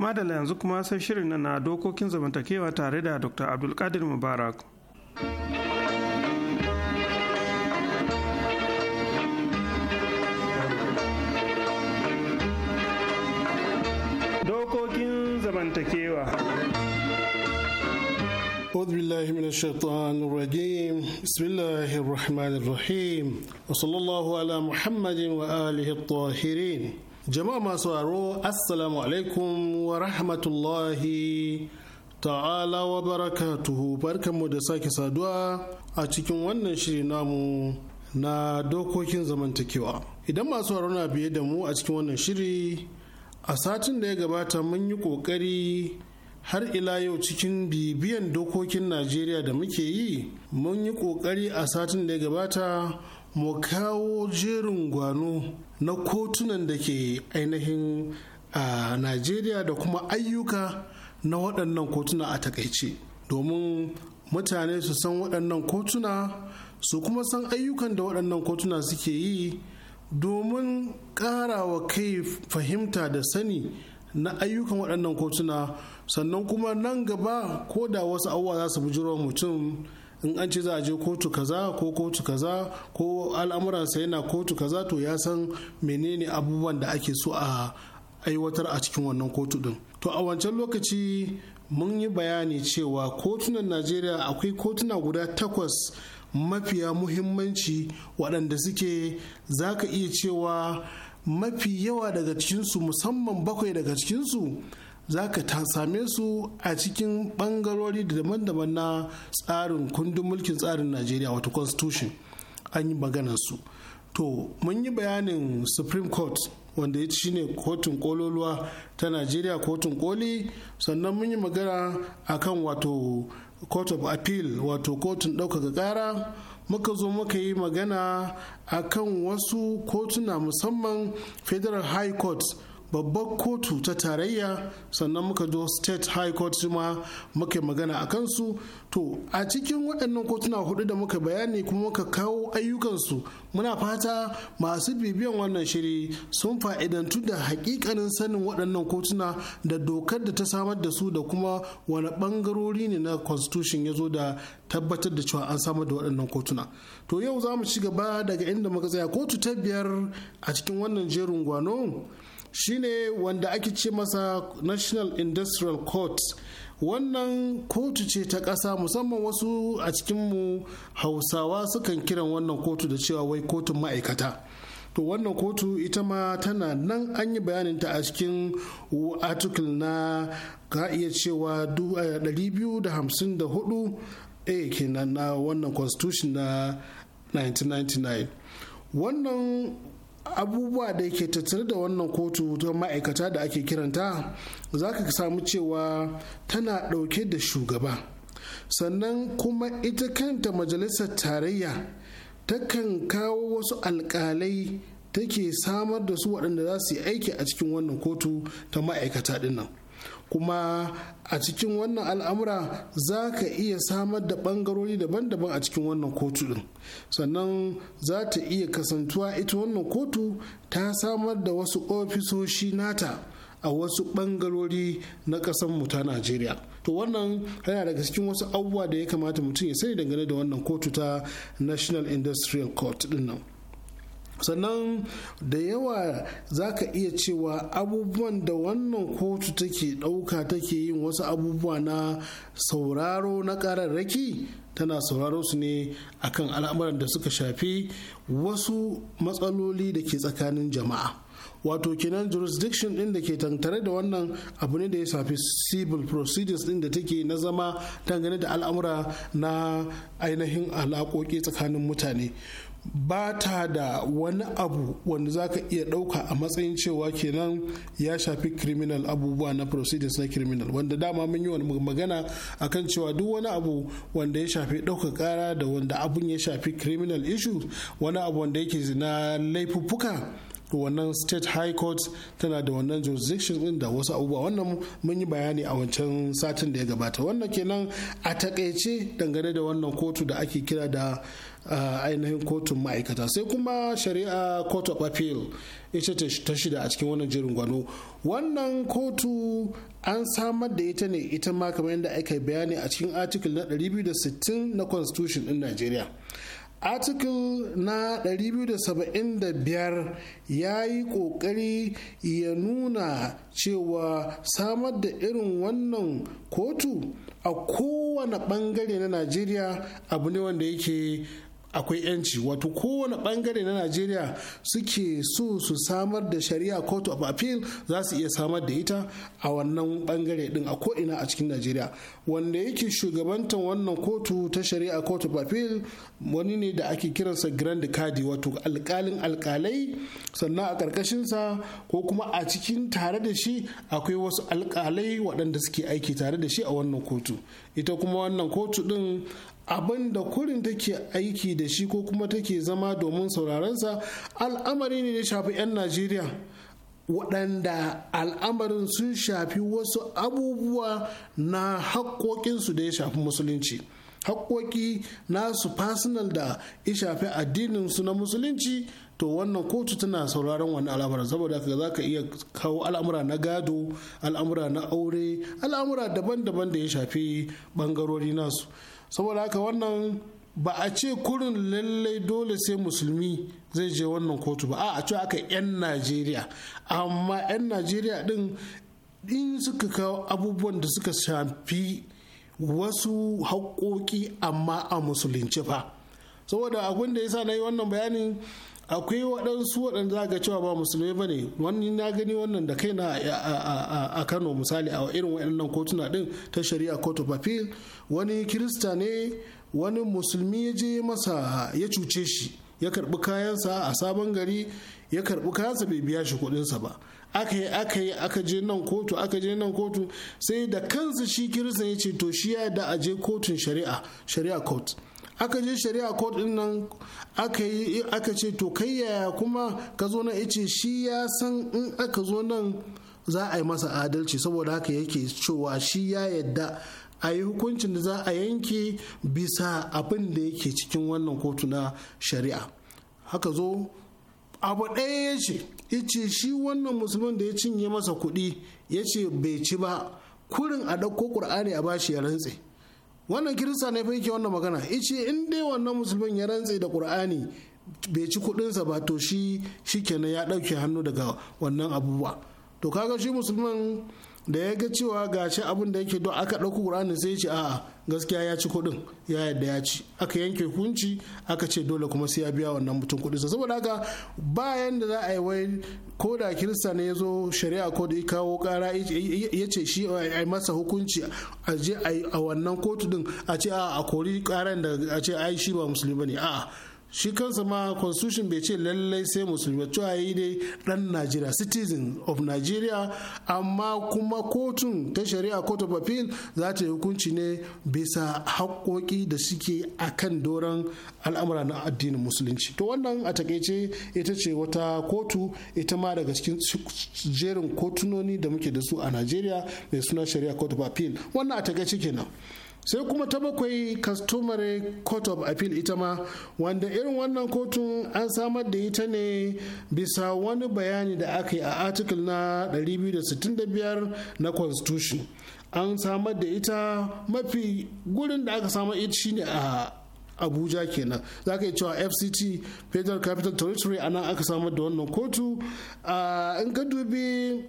madala yanzu kuma sai shirin na na dokokin zamantakewa tare da dr abdulkadir mubarak dokokin zamantakewa أعوذ بالله من الشيطان الرجيم بسم الله الرحمن الرحيم وصلى الله على محمد وآله الطاهرين jama'a masu aro assalamu alaikum wa rahmatullahi ta'ala wa barakatuhu barkanmu da sake saduwa a cikin wannan shiri namu na dokokin zamantakewa idan masu haro na biye da mu a cikin wannan shiri a satin da ya gabata mun yi kokari har ila yau cikin bibiyan dokokin najeriya da muke yi mun yi kokari a satin da ya gabata mu kawo jerin gwano na kotunan da ke ainihin a najeriya da kuma ayyuka na waɗannan kotuna a takaice domin mutane su san waɗannan kotuna su kuma san ayyukan da waɗannan kotuna suke yi domin ƙarawa kai fahimta da sani na ayyukan waɗannan kotuna sannan kuma nan gaba ko da wasu abubuwa za su bujiro mutum in an ce za a je kotu kaza ko kotu kaza ko al'amuransa yana kotu kaza to ya san menene abubuwan da ake so a aiwatar a cikin wannan kotu din to a wancan lokaci mun yi bayani cewa kotunan najeriya akwai kotuna guda takwas mafiya muhimmanci waɗanda suke za ka iya cewa mafi yawa daga cikinsu musamman bakwai daga cikinsu za ka same su a cikin bangarori daban-daban na tsarin kundin mulkin tsarin najeriya wato constitution an yi maganarsu to mun yi bayanin supreme court wanda ya ne kotun kololuwa ta najeriya kotun koli sannan mun yi magana akan wato court of appeal wato kotun ɗaukaka ƙara muka zo muka yi magana akan wasu kotuna musamman federal high court babbar kotu ta tarayya sannan muka zo state high court ma muka magana a kansu to a cikin waɗannan kotuna hudu da muka bayani kuma muka kawo ayyukansu muna fata masu bibiyan wannan shiri sun fa'idantu da hakikanin sanin waɗannan kotuna da dokar da ta samar da su da kuma wani ɓangarori ne na constitution ya zo da tabbatar da cewa an samar da waɗannan kotuna to yau za mu ci gaba daga inda muka tsaya kotu ta biyar a cikin wannan jerin gwanon. shine wanda ake ce masa national industrial court wannan kotu ce ta ƙasa musamman wasu a cikinmu hausawa sukan kiran wannan kotu da cewa wai kotun ma'aikata to wannan kotu ita ma tana nan an yi bayaninta a cikin article na ka iya cewa 254 eh, a eh, kenan na wannan constitution na 1999 wannan abubuwa da ke tattare da wannan kotu ta ma'aikata da ake kiranta za ka samu cewa tana ɗauke da shugaba sannan kuma ita kanta majalisar tarayya takan kawo wasu alkalai take samar da su waɗanda za su yi aiki a cikin wannan kotu ta ma'aikata dinnan kuma a cikin wannan al'amura za ka iya samar da bangarori daban-daban a cikin wannan kotu din sannan za ta iya kasantuwa ita wannan kotu ta samar da wasu ofisoshi nata a wasu bangarori na ƙasar mu ta najeriya to wannan yana daga cikin wasu abubuwa da ya kamata mutum ya sani dangane da wannan kotu ta national industrial court din nan sannan da yawa za ka iya cewa abubuwan da wannan kotu take ɗauka take yin wasu abubuwa na sauraro na ƙararraki tana sauraro su ne akan al'amuran da suka shafi wasu matsaloli da ke tsakanin jama'a wato kenan jurisdiction din da ke tantare da wannan abu ne da ya shafi civil procedures ɗin da take na zama dangane da al'amura na ainihin alaƙoƙi tsakanin mutane ba ta da wani abu wanda za ka iya ɗauka a matsayin cewa kenan ya shafi criminal abubuwa na proceedings na criminal wanda dama mun yi wani magana akan cewa duk wani abu wanda ya shafi ɗauka ƙara da wanda abun ya shafi criminal issues wani abu wanda yake zina laifuffuka wannan state high court tana da wannan jurisdiction din da wasu abubuwa wannan mun yi bayani a wancan satin da ya gabata wannan kenan a takaice dangane da wannan kotu da ake kira da ainihin kotun ma'aikata sai kuma shari'a court of appeal ita ta shida a cikin wannan jirin gwano wannan kotu an samar da ita ne ita ma kamar yadda aka bayani a cikin article na 260 na constitution din najeriya article na 275 ya yi kokari ya nuna cewa samar da irin wannan kotu a kowane bangare na najeriya abu ne wanda yake akwai yanci wato kowane bangare na najeriya suke so su samar da shari'a court of appeal za su iya samar da ita a wannan bangare din a ko'ina a cikin najeriya wanda yake shugabantar wannan kotu ta shari'a court of appeal wani ne da ake kiransa grand cadi, wato alkalin alkalai sannan a karkashinsa ko kuma a cikin tare da shi akwai wasu alkalai waɗanda suke aiki tare da shi a wannan kotu ita kuma wannan kotu din abin da kurin take aiki da shi ko kuma take zama domin saurarensa al'amari ne da shafi 'yan najeriya waɗanda al'amarin sun shafi wasu abubuwa na haƙoƙinsu da ya shafi musulunci haƙoƙi nasu fasinal da ya shafi addininsu na musulunci to wannan kotu tana sauraron wani al'amura saboda haka za ka iya kawo al'amura na gado al'amura na aure al'amura daban-daban da ya shafi ɓangarori nasu saboda haka wannan ba a ce kurin lallai dole sai musulmi zai je wannan kotu ba a a ce aka 'yan najeriya amma 'yan najeriya din in suka kawo abubuwan da suka shafi wasu haƙoƙi amma a musulunci fa saboda abin da yasa na yi wannan bayanin akwai waɗansu waɗanda za ga cewa ba musulmi ba ne wani na gani wannan da kai na a kano misali a irin waɗannan kotuna ɗin ta shari'a kotu of wani kirista ne wani musulmi ya je masa ya cuce shi ya karɓi kayansa a sabon gari ya karbi kayansa bai biya shi kuɗinsa ba aka yi aka yi aka je nan kotu aka je nan kotu sai da kansa shi kirista ya ce to shi ya da a je kotun shari'a shari'a court aka je shari'a kot din nan aka yi aka ce to kai yaya kuma ka zo nan ice shi ya san in aka zo nan za a yi masa adalci saboda haka yake cewa shi ya yadda a yi hukuncin da za a yanke bisa abin da yake cikin wannan kotu na shari'a haka zo abu ɗaya ya ce ice shi wannan musulmin da ya cinye masa kuɗi ya ce bai ci ba kurin a ɗauko ƙur'ani a bashi ya rantse wannan kirista ne fa yake wannan magana ice in dai wannan musulmin ya rantse da qur'ani bai ci kudinsa ba to shi shikenan ya dauke hannu daga wannan abubuwa to kaga shi musulmin da ya ga cewa gashi abin da yake don aka ɗauki ƙur'anin sai ce a'a gaskiya ya ci kuɗin ya yadda ya ci aka yanke hukunci aka ce dole kuma sai ya biya wannan mutum kuɗinsa saboda haka bayan da za a yi wai ko da kirista ne ya zo shari'a ko da ya kawo ƙara ya ce shi a masa hukunci a je a wannan kotu din a ce a kori ƙaran da a ce ai shi ba musulmi ne a'a shi kansa ma constitution bai ce lallai sai musulmi cewa yi dai dan najeriya citizen of nigeria amma kuma kotun ta shari'a court of appeal za ta yi hukunci ne bisa haƙoƙi da suke a kan doron al'amura na addinin musulunci to wannan a takaice ita ce wata kotu ita ma daga cikin jerin kotunoni da muke da su a najeriya mai suna shari'a court of appeal wannan a takaice kenan sai kuma ta bakwai customary court of appeal ita ma wanda irin wannan kotun an samar da ita ne bisa wani bayani da aka yi a article na 265 na constitution an samar da ita mafi gurin da aka samar ita shine a abuja kenan za ka iya cewa fct federal capital territory a nan aka samar da wannan kotu in ka dubi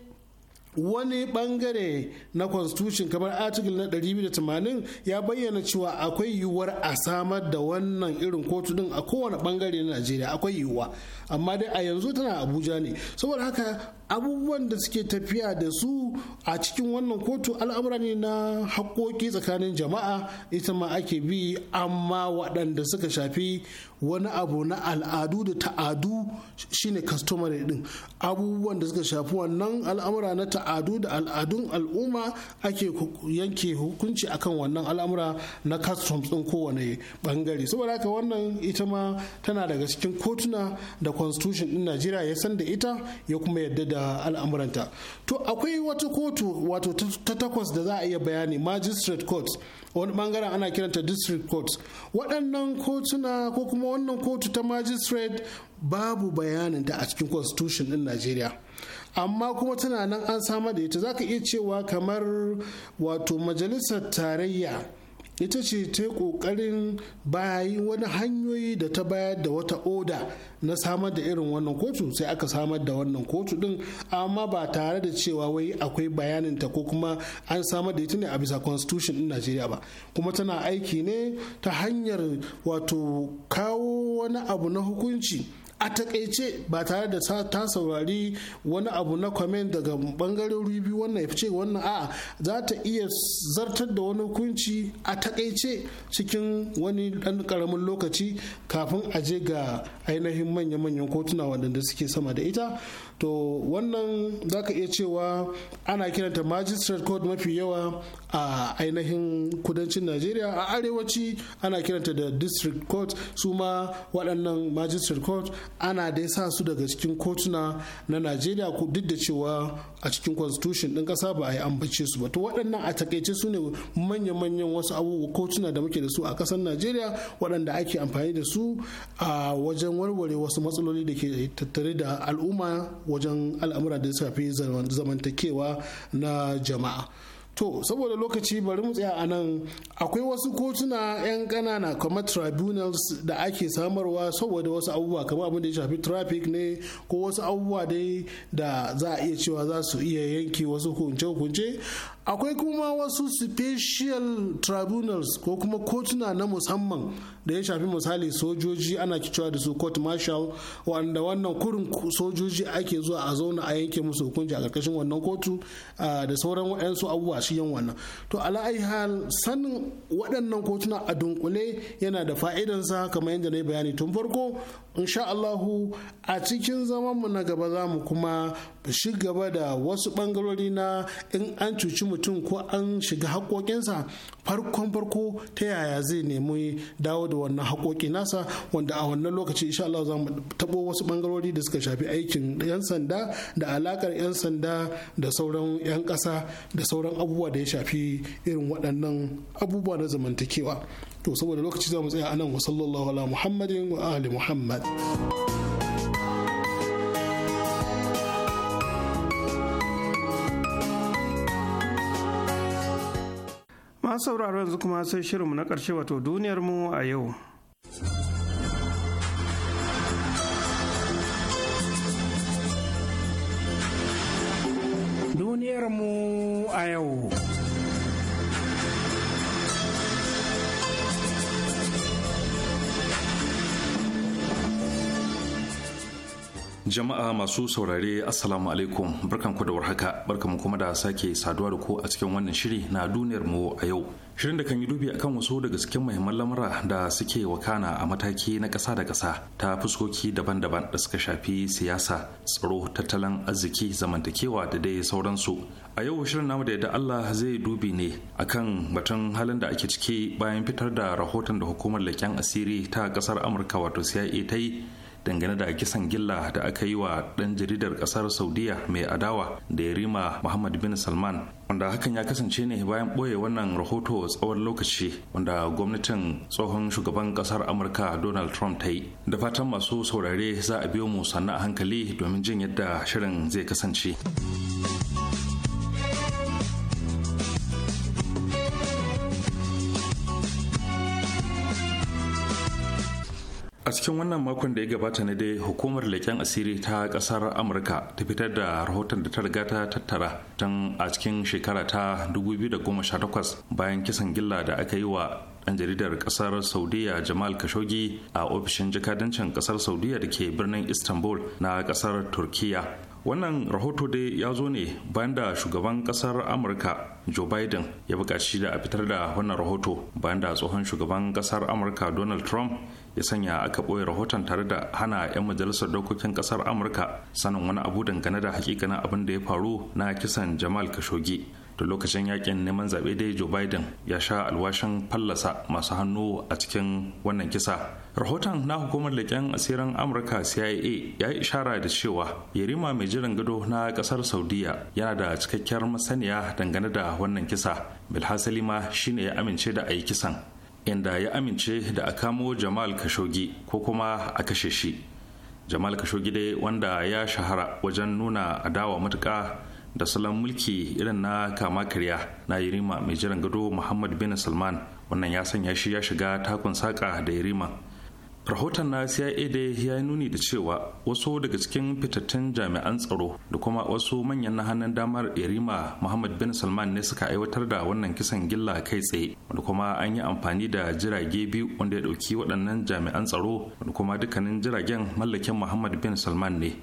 wani bangare na constitution kamar article na 280 ya bayyana cewa akwai yiwuwar a samar da wannan irin kotu din a kowane bangare na najeriya akwai yiwuwa amma dai a yanzu tana abuja ne saboda haka abubuwan da suke tafiya da su a cikin wannan kotu al'amura ne na haƙoƙi tsakanin jama'a ita ma ake bi amma waɗanda suka shafi wani abu na al'adu da ta'adu shine customary din abubuwan da suka shafi wannan al'amura na ta'adu da al'adun al'umma ake yanke hukunci akan wannan al'amura na customs din kowane bangare saboda haka wannan ita ma tana daga cikin kotuna da constitution din najeriya ya san da ita ya kuma yadda da al'amuranta to akwai wata kotu wato ta takwas da za a iya bayani magistrate court wani bangaren ana kiranta district court waɗannan kotuna ko kuma wannan kotu ta magistrate babu bayanin ta a cikin constitution din najeriya amma kuma tana nan an samar da ita za ka iya cewa kamar wato majalisar tarayya ita ce ta kokarin bayan wani hanyoyi da ta bayar da wata oda na samar da irin wannan kotu sai aka samar da wannan kotu din amma ba tare da cewa wai akwai bayanin ta ko kuma an samar da ita ne a bisa constitution din Najeriya ba kuma tana aiki ne ta hanyar wato kawo wani abu na hukunci a takaice ba tare da ta saurari wani abu na kwamen daga bangaren rubi wannan ya fice wannan a'a za ta iya zartar da wani hukunci a takaice cikin wani dan karamin lokaci kafin a je ga ainihin manya-manyan kotuna waɗanda suke sama da ita to wannan za ka iya cewa ana kiranta magistrate court mafi yawa a ainihin kudancin najeriya a arewaci ana kiranta da district court su ma waɗannan magistrate court ana dai sa su daga cikin kotuna na najeriya duk da cewa a cikin constitution ɗin ƙasa ba a yi ambace su ba to waɗannan a takaice su ne manya-manyan wasu abubuwa kotuna da muke da su a ƙasar najeriya waɗanda ake amfani da su a wajen warware wasu matsaloli da ke tattare da al'umma wajen al'amura da suka fi zamantakewa na jama'a to saboda lokaci bari mu tsaya a nan akwai wasu kotuna 'yan ƙanana kamar tribunals da ake samarwa saboda wasu abubuwa kamar abin da ya shafi traffic ne ko wasu abubuwa dai da za a iya cewa za su iya yanke wasu hukunce-hukunce akwai kuma wasu special tribunals ko kuma kotuna na musamman da ya shafi misali sojoji ana cewa da su court martial wanda wannan kurin sojoji ake zuwa a zauna a yanke musu hukunci a karkashin wannan kotu da sauran waɗansu abubuwa shi yan wannan to hal sanin waɗannan kotuna a dunkule yana da fa'idansa kamar yadda na yi bayani tun farko insha Allahu a cikin zamanmu na gaba za mu kuma shi gaba da wasu bangarori na in an cuci mutum ko an shiga haƙoƙinsa farkon farko ta yaya zai nemi dawo da wannan haƙoƙi nasa wanda a wannan lokaci insha Allah za mu tabo wasu bangarori da suka shafi aikin 'yan sanda da alakar 'yan sanda da sauran 'yan ƙasa da sauran abubuwa da ya shafi irin waɗannan abubuwa na zamantakewa to saboda lokaci za mu tsaya anan wa sallallahu ala muhammadin wa ahli muhammad Ma sauraro yanzu kuma sai shirinmu na ƙarshe wato duniyarmu a yau duniyarmu a yau Jama'a masu saurare Assalamu alaikum barkanku da warhaka barkanku kuma da sake saduwa da ku a cikin wannan shiri na duniyar mu a yau. Shirin da kan yi dubi akan wasu daga cikin muhimman lamura da suke wakana a mataki na ƙasa da ƙasa ta fuskoki daban-daban da suka shafi siyasa, tsaro, tattalin arziki, zamantakewa da dai sauransu. A yau shirin namu da yadda Allah zai dubi ne akan batun halin da ake ciki bayan fitar da rahoton da hukumar leƙen asiri ta ƙasar Amurka wato CIA ta yi dangane da kisan gilla da aka yi wa ɗan jaridar ƙasar saudiya mai adawa da ya rima muhammad bin salman wanda hakan ya kasance ne bayan ɓoye wannan rahoto tsawon lokaci wanda gwamnatin tsohon shugaban ƙasar amurka donald trump ta yi da fatan masu saurare za a biyo mu sannan a hankali domin jin yadda shirin zai kasance a cikin wannan makon da ya gabata ne dai hukumar leken asiri ta ƙasar amurka ta fitar da rahoton da ta riga ta tattara tun a cikin shekara ta 2018 bayan kisan gilla da aka yi wa ɗan jaridar ƙasar saudiya jamal khashoggi a ofishin jakadancin ƙasar saudiya da ke birnin istanbul na ƙasar turkiya wannan rahoto dai ya zo ne bayan da shugaban kasar amurka joe biden ya buƙaci da a fitar da wannan rahoto bayan da tsohon shugaban kasar amurka donald trump ya sanya aka ɓoye rahoton tare da hana 'yan majalisar dokokin ƙasar amurka sanin wani abu dangane da hakikanin abin da ya faru na kisan jamal khashoggi da lokacin yakin neman zaɓe dai joe biden ya sha alwashin fallasa masu hannu a cikin wannan kisa rahoton na hukumar leƙen asirin amurka cia ya yi ishara da cewa yarima mai jiran gado na ƙasar saudiya yana da cikakkiyar masaniya dangane da wannan kisa bilhassali ma shine ya amince da a yi kisan inda ya amince da a kamo jamal kashogi ko kuma a kashe shi jamal kashogi dai wanda ya shahara wajen nuna adawa matuƙa da salon mulki irin na kama karya na yarima mai jiran gado muhammad bin salman wannan ya sanya shi ya shiga takun saƙa da yirima rahoton na cia dai ya yi nuni da cewa wasu daga cikin fitattun jami'an tsaro da kuma wasu manyan na hannun damar irima muhammad bin salman ne suka aiwatar da wannan kisan gilla kai tsaye wanda kuma an yi amfani da jirage biyu wanda ya dauki waɗannan jami'an tsaro wanda kuma dukkanin jiragen mallakin muhammad bin salman ne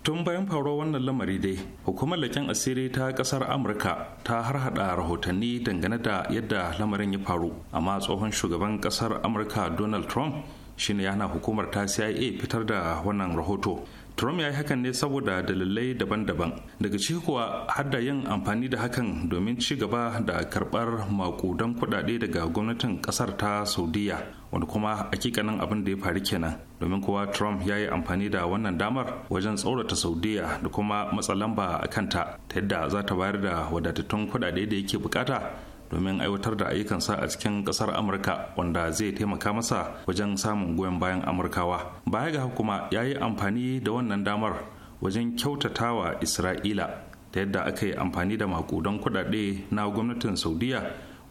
tun bayan faruwar wannan lamari dai hukumar laƙen asiri ta ƙasar amurka ta harhaɗa rahotanni dangane da yadda lamarin ya faru amma tsohon shugaban ƙasar amurka donald trump shine ya hukumar ta cia fitar da wannan rahoto trump ya yi hakan ne saboda dalilai daban-daban daga ciki kuwa har da yin amfani da hakan domin ci gaba da karbar makudan kudade daga gwamnatin kasar ta saudiya wanda kuma hakikanin abin da ya faru kenan domin kuwa trump ya yi amfani da wannan damar wajen tsaurata saudiya da kuma matsa lamba a kanta ta yadda za ta bayar da wadatattun kudade da yake bukata domin aiwatar da ayyukansa a cikin kasar amurka wanda zai taimaka masa wajen samun goyon bayan amurkawa baya ga kuma ya yi amfani da wannan damar wajen kyautatawa isra'ila ta yadda aka yi amfani da makudan kudade na gwamnatin saudiya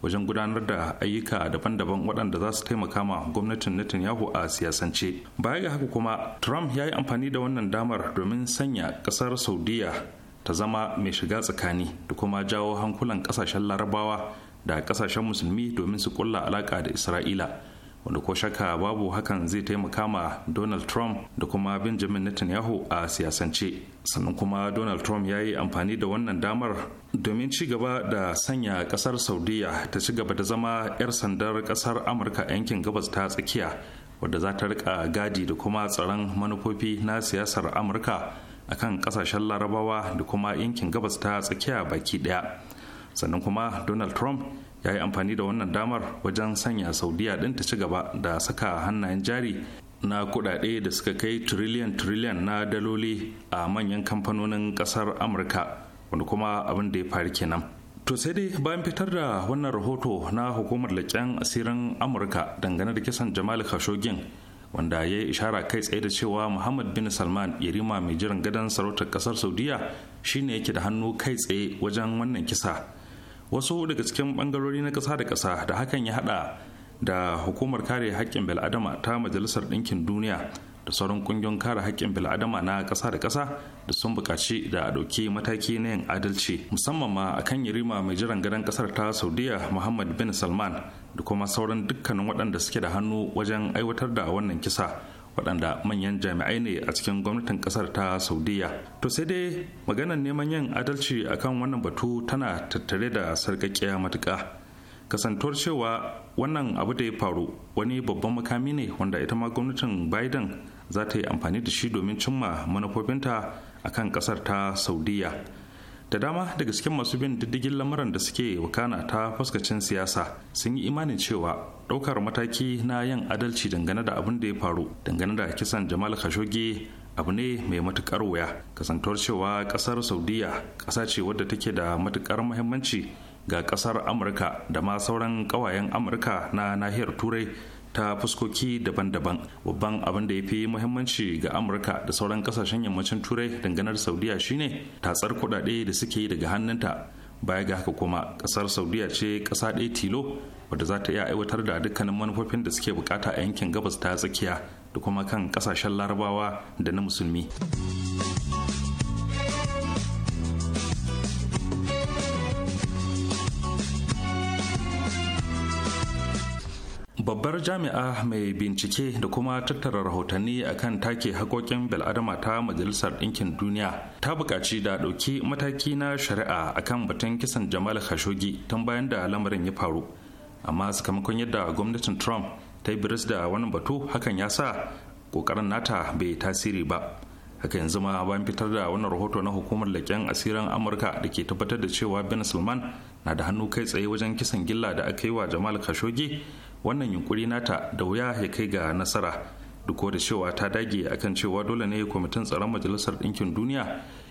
wajen gudanar da ayyuka daban-daban waɗanda za su taimaka ma gwamnatin Netanyahu a siyasance. Baya ga haka kuma Trump ya yi amfani da wannan damar domin sanya ƙasar Saudiya ta zama mai shiga tsakani da kuma jawo hankulan ƙasashen larabawa da kasashen musulmi domin su kulla alaka da isra'ila wanda ko shaka babu hakan zai taimaka ma donald trump da kuma benjamin netanyahu a siyasance sannan kuma donald trump ya yi amfani da wannan damar domin ci gaba da sanya kasar saudiya ta ci gaba da zama 'yar sandar kasar amurka a yankin gabas ta tsakiya wadda za ta rika gadi da kuma tsaron manufofi na siyasar amurka akan kasashen larabawa da kuma yankin gabas ta tsakiya baki daya sannan kuma donald trump ya yi amfani da wannan damar wajen sanya saudiya din ta ci gaba da saka hannayen jari na kudade da suka kai trillion trillion na daloli a manyan kamfanonin kasar amurka wani kuma abin da ya faru kenan to sai dai bayan fitar da wannan rahoto na hukumar leƙen asirin amurka dangane da kisan jamal khashoggi wanda ya yi ishara kai tsaye da cewa muhammad bin salman yarima mai jiran gadon sarautar kasar saudiya shine yake da hannu kai tsaye wajen wannan kisa wasu daga cikin bangarori na ƙasa da ƙasa da hakan ya hada da hukumar kare haƙƙin bil'adama ta majalisar ɗinkin duniya da sauran ƙungiyoyin kare haƙƙin bil'adama na ƙasa da ƙasa da sun buƙaci da a ɗauki mataki na yin adalci musamman ma a kan yarima mai jiran gadon ƙasar ta saudiya muhammad bin salman da kuma sauran dukkanin waɗanda suke da hannu wajen aiwatar da wannan kisa waɗanda manyan jami'ai ne a cikin gwamnatin ƙasar ta Saudiyya, to sai dai maganar neman yin adalci akan wannan batu tana tattare da sarƙaƙƙiya matuƙa kasantuwar cewa wannan abu da ya faru wani babban makami ne wanda ita ma gwamnatin biden za ta yi amfani da shi domin cimma manufofinta akan ƙasar ta Saudiyya. da dama daga cikin masu bin diddigin lamuran da suke wakana ta fuskacin siyasa sun yi imanin cewa ɗaukar mataki na yin adalci dangane da abin da ya faru dangane da kisan jamal khashoggi abu ne mai matukar wuya kasantuwar cewa kasar saudiya ƙasa ce wadda take da matukar muhimmanci ga kasar amurka da ma sauran ƙawayen amurka na nahiyar turai ta fuskoki daban-daban babban abin da ya fi muhimmanci ga amurka da sauran kasashen yammacin turai danganar da saudiya shine tatsar kudade da suke yi daga hannunta baya ga haka kuma kasar saudiya ce kasa ɗaya tilo wadda za ta iya aiwatar da dukkanin manufofin da suke bukata a yankin gabas ta tsakiya da kuma kan kasashen larabawa da na musulmi. babbar jami'a mai bincike da kuma tattara rahotanni akan take hakokin bil'adama ta majalisar ɗinkin duniya ta buƙaci da ɗauki mataki na shari'a akan batun kisan jamal khashoggi tun bayan da lamarin ya faru amma sakamakon yadda gwamnatin trump ta yi biris da wannan batu hakan ya sa ƙoƙarin nata bai tasiri ba haka yanzu ma bayan fitar da wani rahoto na hukumar leƙen asirin amurka da ke tabbatar da cewa bin sulman na da hannu kai tsaye wajen kisan gilla da aka yi wa jamal khashoggi wannan yunkuri nata da wuya ya kai ga nasara duk da cewa ta dage akan cewa dole ne kwamitin tsaron majalisar ɗinkin duniya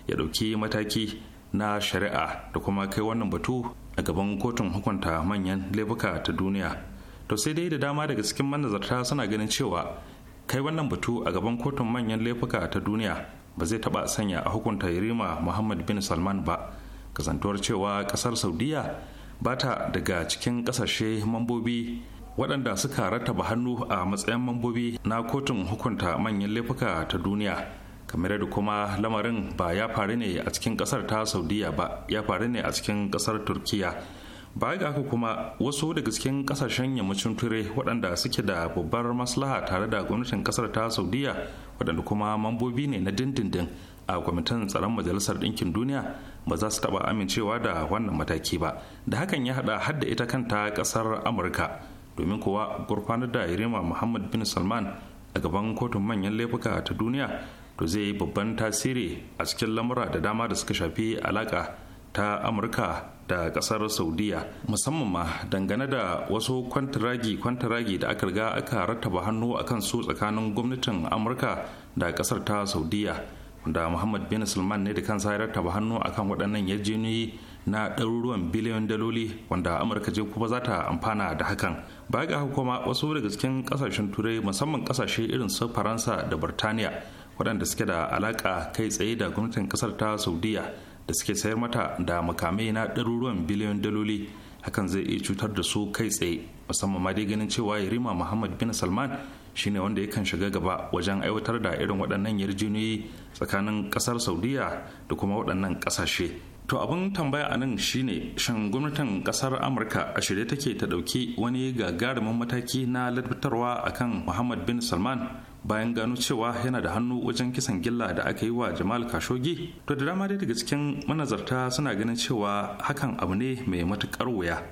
ya ɗauki mataki na shari'a da kuma kai wannan batu a gaban kotun hukunta manyan laifuka ta duniya to sai dai da dama daga cikin manazarta suna ganin cewa kai wannan batu a gaban kotun manyan laifuka ta duniya ba zai taɓa sanya a hukunta yarima muhammad bin salman ba kasantuwar cewa ƙasar saudiya ba ta daga cikin ƙasashe mambobi waɗanda suka rattaba hannu a matsayin mambobi na kotun hukunta manyan laifuka ta duniya kamar da kuma lamarin ba ya faru ne a cikin ƙasar ta saudiya ba ya faru ne a cikin ƙasar turkiya ba ga haka kuma wasu daga cikin ƙasashen yammacin turai waɗanda suke da babbar maslaha tare da gwamnatin ƙasar ta saudiya waɗanda kuma mambobi ne na dindindin a kwamitin tsaron majalisar ɗinkin duniya ba za su taɓa amincewa da wannan mataki ba da hakan ya haɗa hadda ita kanta ƙasar amurka domin kuwa gurfanar da irima muhammad bin salman a gaban kotun manyan laifuka ta duniya to zai yi babban tasiri a cikin lamura da dama da suka shafi alaka ta amurka da kasar saudiya musamman ma dangane da wasu kwantaragi kwantaragi da aka riga aka rattaba hannu a kan su tsakanin gwamnatin amurka da kasar ta saudiya da muhammad bin salman ne da kansa ya rattaba hannu akan waɗannan yarjejeniyoyi na ɗaruruwan biliyan daloli wanda amurka je kuma za ta amfana da hakan ba ga haka kuma wasu daga cikin kasashen turai musamman kasashe irin su faransa da burtaniya waɗanda suke da alaƙa kai tsaye da gwamnatin ƙasar ta saudiya da suke sayar mata da makamai na ɗaruruwan biliyan daloli hakan zai iya cutar da su kai tsaye musamman ma dai ganin cewa yarima muhammad bin salman shine wanda yakan shiga gaba wajen aiwatar da irin waɗannan yarjejeniyoyi tsakanin ƙasar saudiya da kuma waɗannan ƙasashe to abin tambaya a nan shine shan gwamnatin kasar amurka a shirye take ta dauki wani gagarumin mataki na ladabtarwa kan muhammad bin salman bayan gano cewa yana da hannu wajen kisan gilla da aka yi wa jamal kashogi to da dama dai daga cikin manazarta suna ganin cewa hakan abu ne mai matukar wuya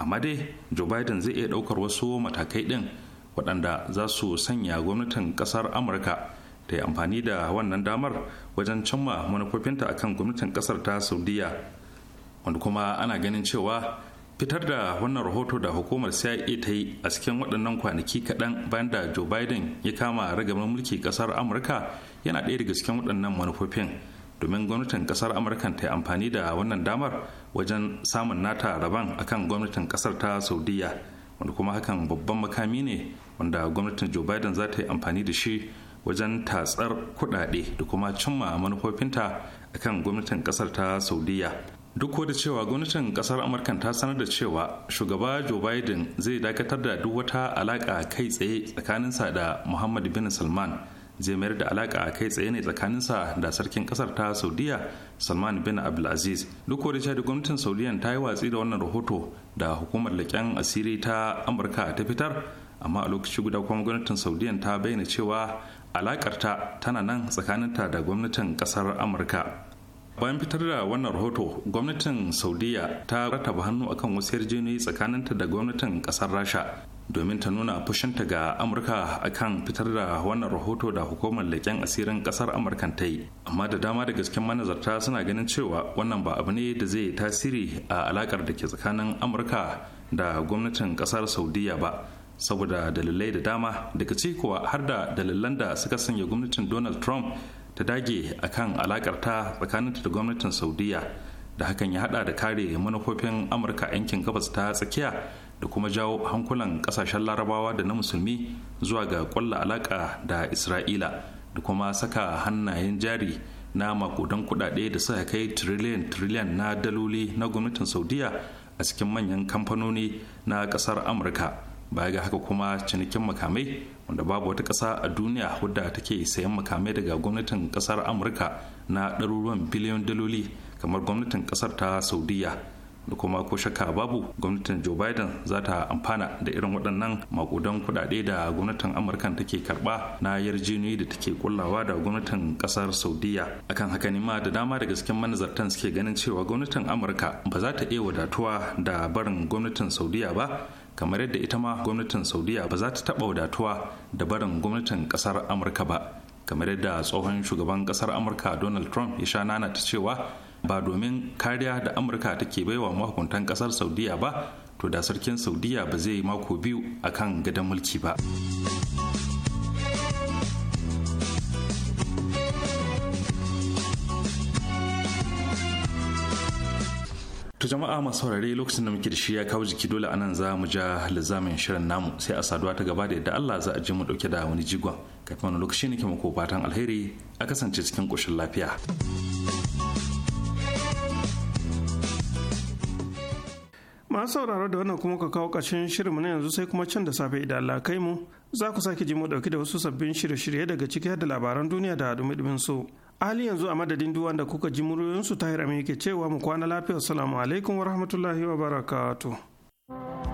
amma dai joe biden zai iya daukar wasu matakai din waɗanda za su sanya gwamnatin kasar amurka ta yi amfani da wannan damar wajen cimma manufofinta akan gwamnatin kasar ta saudiya wanda kuma ana ganin cewa fitar da wannan rahoto da hukumar cia ta yi a cikin waɗannan kwanaki kaɗan bayan da joe biden ya kama ragamar mulki ƙasar amurka yana ɗaya daga cikin waɗannan manufofin domin gwamnatin ƙasar amurka ta yi amfani da wannan damar wajen samun nata rabon akan gwamnatin ƙasar ta saudiya wanda kuma hakan babban makami ne wanda gwamnatin joe biden za ta yi amfani da shi wajen tatsar kuɗaɗe da kuma cimma manufofinta a kan gwamnatin ƙasar ta saudiya duk da cewa gwamnatin kasar amurka ta sanar da cewa shugaba joe biden zai dakatar da duk wata alaka kai tsaye tsakaninsa da muhammad bin salman zai mayar da alaka kai tsaye ne tsakaninsa da sarkin kasar ta saudiya salman bin abdulaziz duk da cewa gwamnatin saudiya ta yi watsi da wannan rahoto da hukumar leƙen asiri ta amurka ta fitar amma a lokaci guda kuma gwamnatin saudiya ta bayyana cewa alakarta tana nan tsakaninta da gwamnatin ƙasar amurka bayan fitar da wannan rahoto gwamnatin saudiya ta rataba hannu akan wasu yarjejeniyoyi tsakaninta da gwamnatin ƙasar rasha domin ta nuna fushinta ga amurka akan fitar da wannan rahoto da hukumar leƙen asirin ƙasar amurkan ta yi amma da dama da gasken manazarta suna ganin cewa wannan ba abu ne da zai tasiri a alakar da ke tsakanin amurka da gwamnatin ƙasar saudiya ba saboda dalilai da dama daga ciki har da dalilan da suka sanya gwamnatin donald trump ta dage akan alakar ta tsakaninta da gwamnatin saudiya da hakan ya hada da kare manufofin amurka yankin gabas ta tsakiya da kuma jawo hankulan kasashen larabawa da na musulmi zuwa ga kwalla alaka da isra'ila da kuma saka hannayen jari na makudan kuɗaɗe da suka kai triliyan triliyan na daloli na gwamnatin saudiya a cikin manyan kamfanoni na ƙasar amurka baya ga haka kuma cinikin makamai wanda babu wata ƙasa a duniya wadda take sayan makamai daga gwamnatin ƙasar amurka na ɗaruruwan biliyon daloli kamar gwamnatin ƙasar ta saudiya da kuma ko shakka babu gwamnatin joe biden za ta amfana da irin waɗannan makudan kuɗaɗe da gwamnatin amurkan take karɓa na yarjejeniyoyi da take kullawa da gwamnatin ƙasar saudiya akan haka ne ma da dama da gasken manazartan suke ganin cewa gwamnatin amurka ba za ta iya wadatuwa da barin gwamnatin saudiya ba kamar yadda ita ma gwamnatin saudiya ba za ta taɓa wadatuwa da barin gwamnatin ƙasar amurka ba kamar yadda tsohon shugaban ƙasar amurka donald trump ya sha nana ta cewa ba domin kariya da amurka take baiwa mahukuntan ƙasar saudiya ba to da sarkin saudiya ba zai mako biyu akan gadon mulki ba. To jama'a masu saurare lokacin da muke da shi ya kawo jiki dole anan za mu ja lizamin shirin namu sai a saduwa ta gaba da yadda Allah za a je mu dauke da wani jigon kafin wani lokaci nake muku fatan alheri a kasance cikin koshin lafiya. masu sauraro da wannan kuma ka kawo ƙarshen shirinmu na yanzu sai kuma can da safe idan Allah kai mu za ku sake ji mu dauki da wasu sabbin shirye-shirye daga ciki da labaran duniya da dumi-dumin su. hali yanzu a madadin duk wanda kuka ji muryoyinsu tahir amin ke cewa mu kwana lafiya salamu alaikum wa rahmatullahi wa barakatuh